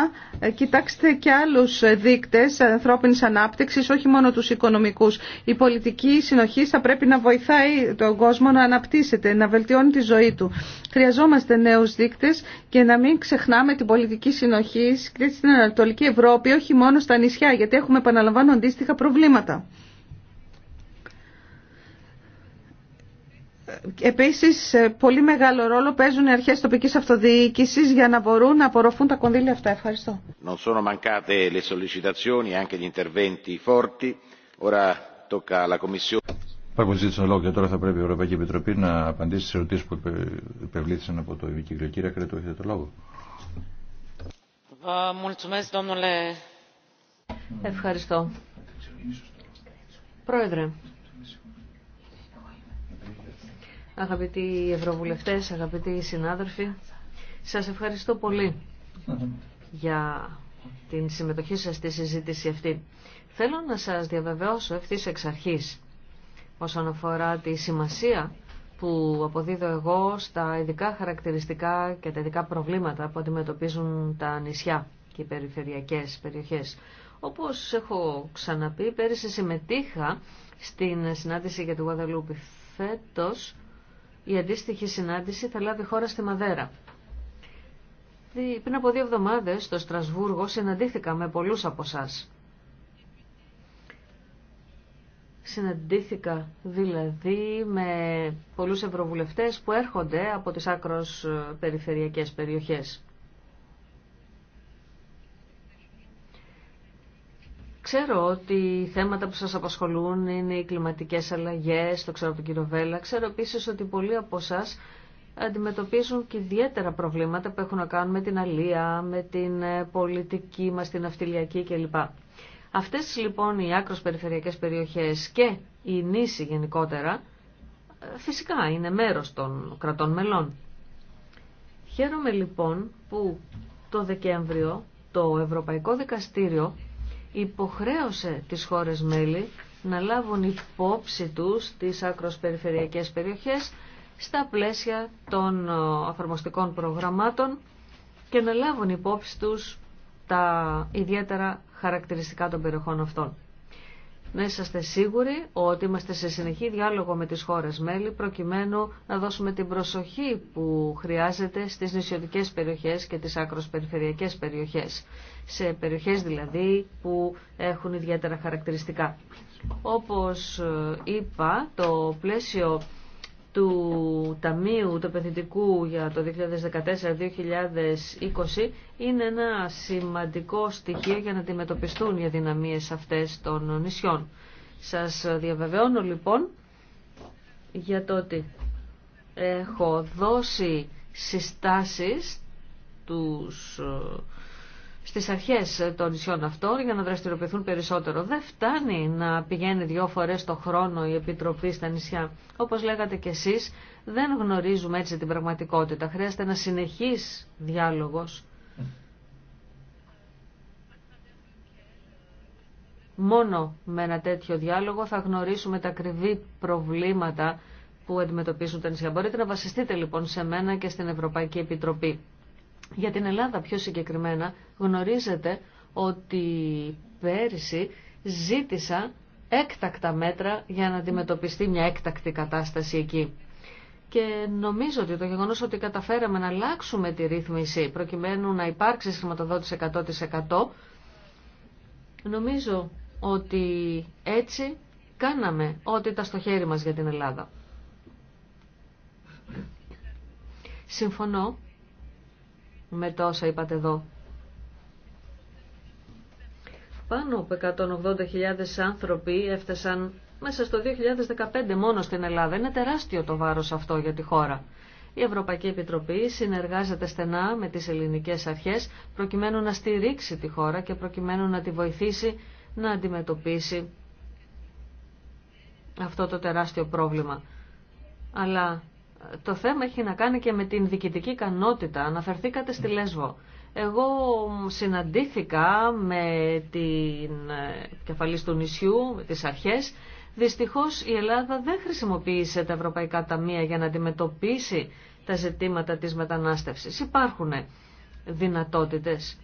ε, κοιτάξετε και άλλους δείκτες ανθρώπινης ανάπτυξης, όχι μόνο τους οικονομικούς. Η πολιτική συνοχή θα πρέπει να βοηθάει τον κόσμο να αναπτύσσεται, να βελτιώνει τη ζωή του. Χρειαζόμαστε νέους δείκτες και να μην ξεχνάμε την πολιτική συνοχή στην Ανατολική Ευρώπη, όχι μόνο στα νησιά, γιατί έχουμε επαναλαμβάνω αντίστοιχα προβλήματα. Επίσης, πολύ μεγάλο ρόλο παίζουν οι αρχές τοπικής αυτοδιοίκησης για να μπορούν να απορροφούν τα κονδύλια αυτά. Ευχαριστώ. Non sono mancate le sollecitazioni, anche gli interventi forti. Ora tocca alla Commissione. Πάρα πολύ ζήτησαν λόγο και τώρα θα πρέπει η Ευρωπαϊκή Επιτροπή να απαντήσει σε ερωτήσεις που υπευλήθησαν από το Ευικύκλιο. Κύριε Κρέτο, έχετε το λόγο. Ευχαριστώ. Πρόεδρε, αγαπητοί ευρωβουλευτές, αγαπητοί συνάδελφοι. Σας ευχαριστώ πολύ για την συμμετοχή σας στη συζήτηση αυτή. Θέλω να σας διαβεβαιώσω ευθύ εξ αρχής όσον αφορά τη σημασία που αποδίδω εγώ στα ειδικά χαρακτηριστικά και τα ειδικά προβλήματα που αντιμετωπίζουν τα νησιά και οι περιφερειακές περιοχές. Όπως έχω ξαναπεί, πέρυσι συμμετείχα στην συνάντηση για τη Γουαδαλούπη φέτος η αντίστοιχη συνάντηση θα λάβει χώρα στη Μαδέρα. Πριν από δύο εβδομάδες στο Στρασβούργο συναντήθηκα με πολλούς από εσά. Συναντήθηκα δηλαδή με πολλούς ευρωβουλευτές που έρχονται από τις άκρος ε, περιφερειακές περιοχές. Ξέρω ότι θέματα που σας απασχολούν είναι οι κλιματικές αλλαγές, το ξέρω από τον κύριο Βέλα. Ξέρω επίσης ότι πολλοί από εσά αντιμετωπίζουν και ιδιαίτερα προβλήματα που έχουν να κάνουν με την αλία, με την ε, πολιτική μας, την αυτιλιακή κλπ. Αυτές λοιπόν οι άκρος περιφερειακές περιοχές και η νήση γενικότερα ε, φυσικά είναι μέρος των κρατών μελών. Χαίρομαι λοιπόν που το Δεκέμβριο το Ευρωπαϊκό Δικαστήριο υποχρέωσε τις χώρες μέλη να λάβουν υπόψη τους τις άκρος περιοχές στα πλαίσια των ε, αφαρμοστικών προγραμμάτων και να λάβουν υπόψη τους τα ιδιαίτερα χαρακτηριστικά των περιοχών αυτών να είσαστε σίγουροι ότι είμαστε σε συνεχή διάλογο με τις χώρες μέλη προκειμένου να δώσουμε την προσοχή που χρειάζεται στις νησιωτικές περιοχές και τις άκρος περιφερειακές περιοχές. Σε περιοχές δηλαδή που έχουν ιδιαίτερα χαρακτηριστικά. Όπως ε, είπα, το πλαίσιο του Ταμείου του Επενδυτικού για το 2014-2020 είναι ένα σημαντικό στοιχείο για να αντιμετωπιστούν οι αδυναμίες αυτές των νησιών. Σας διαβεβαιώνω λοιπόν για το ότι έχω δώσει συστάσεις τους ε, στις αρχές των νησιών αυτών για να δραστηριοποιηθούν περισσότερο. Δεν φτάνει να πηγαίνει δυο φορές το χρόνο η Επιτροπή στα νησιά. Όπως λέγατε και εσείς, δεν γνωρίζουμε έτσι την πραγματικότητα. Χρειάζεται ένα συνεχής διάλογος. Μόνο με ένα τέτοιο διάλογο θα γνωρίσουμε τα ακριβή προβλήματα που αντιμετωπίζουν τα νησιά. Μπορείτε να βασιστείτε λοιπόν σε μένα και στην Ευρωπαϊκή Επιτροπή. Για την Ελλάδα πιο συγκεκριμένα γνωρίζετε ότι πέρυσι ζήτησα έκτακτα μέτρα για να αντιμετωπιστεί μια έκτακτη κατάσταση εκεί. Και νομίζω ότι το γεγονός ότι καταφέραμε να αλλάξουμε τη ρύθμιση προκειμένου να υπάρξει χρηματοδότηση 100% νομίζω ότι έτσι κάναμε ό,τι ήταν στο χέρι μας για την Ελλάδα. Συμφωνώ με τόσα είπατε εδώ. Πάνω από 180.000 άνθρωποι έφτασαν μέσα στο 2015 μόνο στην Ελλάδα. Είναι τεράστιο το βάρος αυτό για τη χώρα. Η Ευρωπαϊκή Επιτροπή συνεργάζεται στενά με τις ελληνικές αρχές προκειμένου να στηρίξει τη χώρα και προκειμένου να τη βοηθήσει να αντιμετωπίσει αυτό το τεράστιο πρόβλημα. Αλλά το θέμα έχει να κάνει και με την διοικητική ικανότητα. Αναφερθήκατε στη Λέσβο. Εγώ συναντήθηκα με την ε, κεφαλή του νησιού, με τις αρχές. Δυστυχώς η Ελλάδα δεν χρησιμοποίησε τα ευρωπαϊκά ταμεία για να αντιμετωπίσει τα ζητήματα της μετανάστευσης. Υπάρχουν δυνατότητες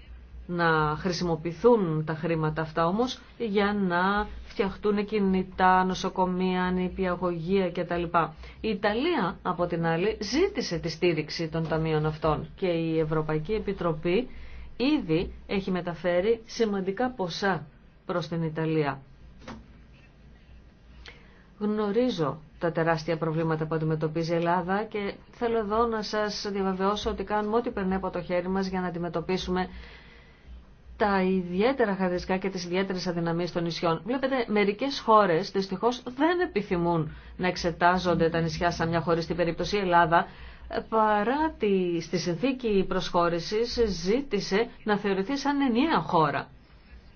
να χρησιμοποιηθούν τα χρήματα αυτά όμως για να φτιαχτούν κινητά, νοσοκομεία, νηπιαγωγεία κτλ. Η Ιταλία από την άλλη ζήτησε τη στήριξη των ταμείων αυτών και η Ευρωπαϊκή Επιτροπή ήδη έχει μεταφέρει σημαντικά ποσά προς την Ιταλία. Γνωρίζω τα τεράστια προβλήματα που αντιμετωπίζει η Ελλάδα και θέλω εδώ να σας διαβεβαιώσω ότι κάνουμε ό,τι περνάει από το χέρι μας για να αντιμετωπίσουμε τα ιδιαίτερα χαρακτηριστικά και τις ιδιαίτερες αδυναμίες των νησιών. Βλέπετε, μερικές χώρες δυστυχώ δεν επιθυμούν να εξετάζονται τα νησιά σαν μια χωρί στην περίπτωση η Ελλάδα, παρά τη, στη συνθήκη προσχώρησης ζήτησε να θεωρηθεί σαν ενιαία χώρα.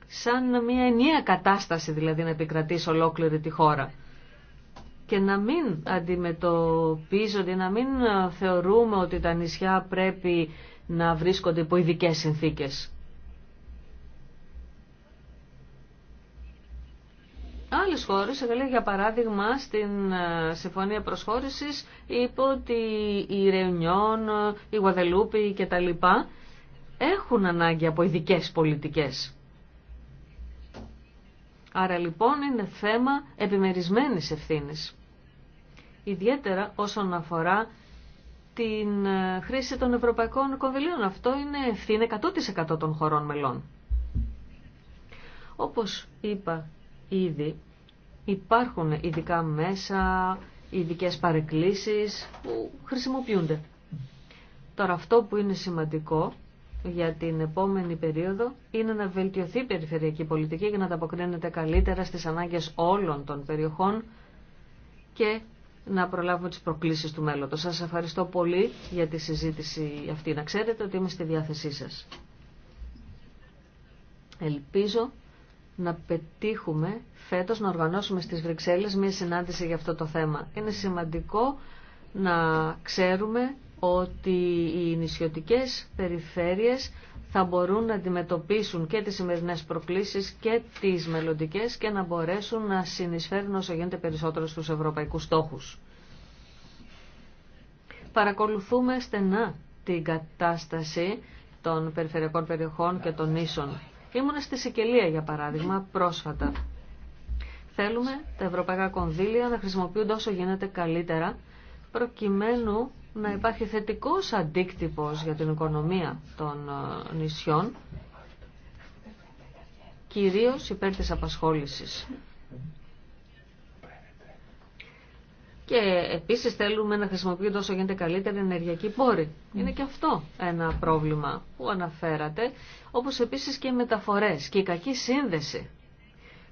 Σαν μια ενιαία κατάσταση δηλαδή να επικρατήσει ολόκληρη τη χώρα. Και να μην αντιμετωπίζονται, να μην θεωρούμε ότι τα νησιά πρέπει να βρίσκονται υπό ειδικέ συνθήκες. άλλε χώρε, για παράδειγμα στην ε, Συμφωνία προσχώρηση είπε ότι η Ρεουνιόν, και Γουαδελούπη κτλ. έχουν ανάγκη από ειδικέ πολιτικές. Άρα λοιπόν είναι θέμα επιμερισμένης ευθύνης. Ιδιαίτερα όσον αφορά την ε, χρήση των ευρωπαϊκών κονδυλίων. Αυτό είναι ευθύνη 100% των χωρών μελών. Όπως είπα ήδη, Υπάρχουν ειδικά μέσα, ειδικέ παρεκκλήσεις που χρησιμοποιούνται. Τώρα αυτό που είναι σημαντικό για την επόμενη περίοδο είναι να βελτιωθεί η περιφερειακή πολιτική για να τα αποκρίνεται καλύτερα στις ανάγκες όλων των περιοχών και να προλάβουμε τις προκλήσεις του μέλλοντος. Σας ευχαριστώ πολύ για τη συζήτηση αυτή. Να ξέρετε ότι είμαι στη διάθεσή σας. Ελπίζω να πετύχουμε φέτος να οργανώσουμε στις Βρυξέλλες μία συνάντηση για αυτό το θέμα. Είναι σημαντικό να ξέρουμε ότι οι νησιωτικές περιφέρειες θα μπορούν να αντιμετωπίσουν και τις σημερινές προκλήσεις και τις μελλοντικέ και να μπορέσουν να συνεισφέρουν όσο γίνεται περισσότερο στους ευρωπαϊκούς στόχους. Παρακολουθούμε στενά την κατάσταση των περιφερειακών περιοχών και των νήσων Ήμουνα στη Σικελία, για παράδειγμα, πρόσφατα. Θέλουμε τα ευρωπαϊκά κονδύλια να χρησιμοποιούνται όσο γίνεται καλύτερα, προκειμένου να υπάρχει θετικός αντίκτυπος για την οικονομία των ε, νησιών, κυρίως υπέρ της απασχόλησης. Και επίση θέλουμε να χρησιμοποιούνται όσο γίνεται καλύτερη ενεργειακή πόρη. Είναι και αυτό ένα πρόβλημα που αναφέρατε, όπως επίσης και οι μεταφορές και η κακή σύνδεση.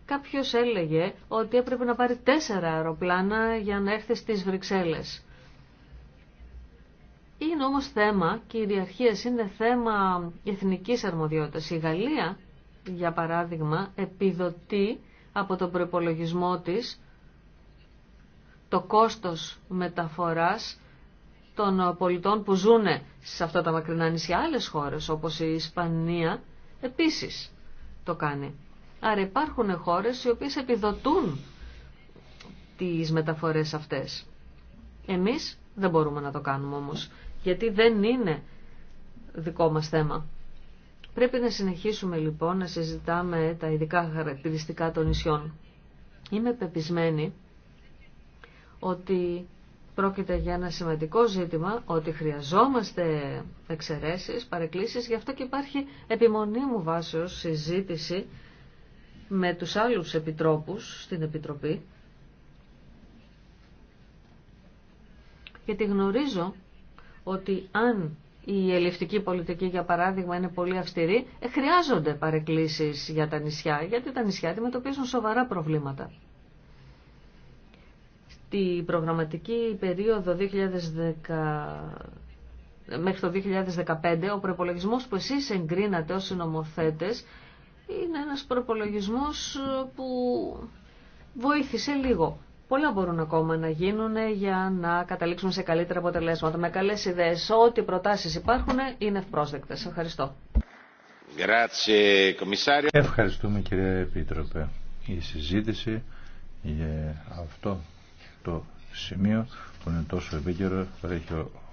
Κάποιο έλεγε ότι έπρεπε να πάρει τέσσερα αεροπλάνα για να έρθει στις Βρυξέλλες. Είναι όμως θέμα, κυριαρχίας είναι θέμα εθνικής αρμοδιότητα. Η Γαλλία, για παράδειγμα, επιδοτεί από τον προπολογισμό της το κόστος μεταφοράς των πολιτών που ζουν σε αυτά τα μακρινά νησιά. Άλλες χώρες όπως η Ισπανία επίσης το κάνει. Άρα υπάρχουν χώρες οι οποίες επιδοτούν τις μεταφορές αυτές. Εμείς δεν μπορούμε να το κάνουμε όμως, γιατί δεν είναι δικό μας θέμα. Πρέπει να συνεχίσουμε λοιπόν να συζητάμε τα ειδικά χαρακτηριστικά των νησιών. Είμαι πεπισμένη ότι πρόκειται για ένα σημαντικό ζήτημα, ότι χρειαζόμαστε εξαιρέσεις, παρεκκλήσεις, γι' αυτό και υπάρχει επιμονή μου βάσεως συζήτηση με τους άλλους επιτρόπους στην Επιτροπή. Γιατί γνωρίζω ότι αν η ελληνική πολιτική, για παράδειγμα, είναι πολύ αυστηρή, ε, χρειάζονται παρεκκλήσεις για τα νησιά, γιατί τα νησιά αντιμετωπίζουν σοβαρά προβλήματα. Τη προγραμματική περίοδο 2010 μέχρι το 2015 ο προπολογισμό που εσείς εγκρίνατε ως συνομοθέτες είναι ένας προπολογισμό ε, που βοήθησε λίγο. Πολλά μπορούν ακόμα να γίνουν για να καταλήξουμε σε καλύτερα αποτελέσματα. Με καλές ιδέες, ό,τι προτάσεις υπάρχουν είναι ευπρόσδεκτες. Ευχαριστώ. Ευχαριστούμε κύριε Επίτροπε. Η συζήτηση για αυτό το σημείο που είναι τόσο επίκαιρο, έχει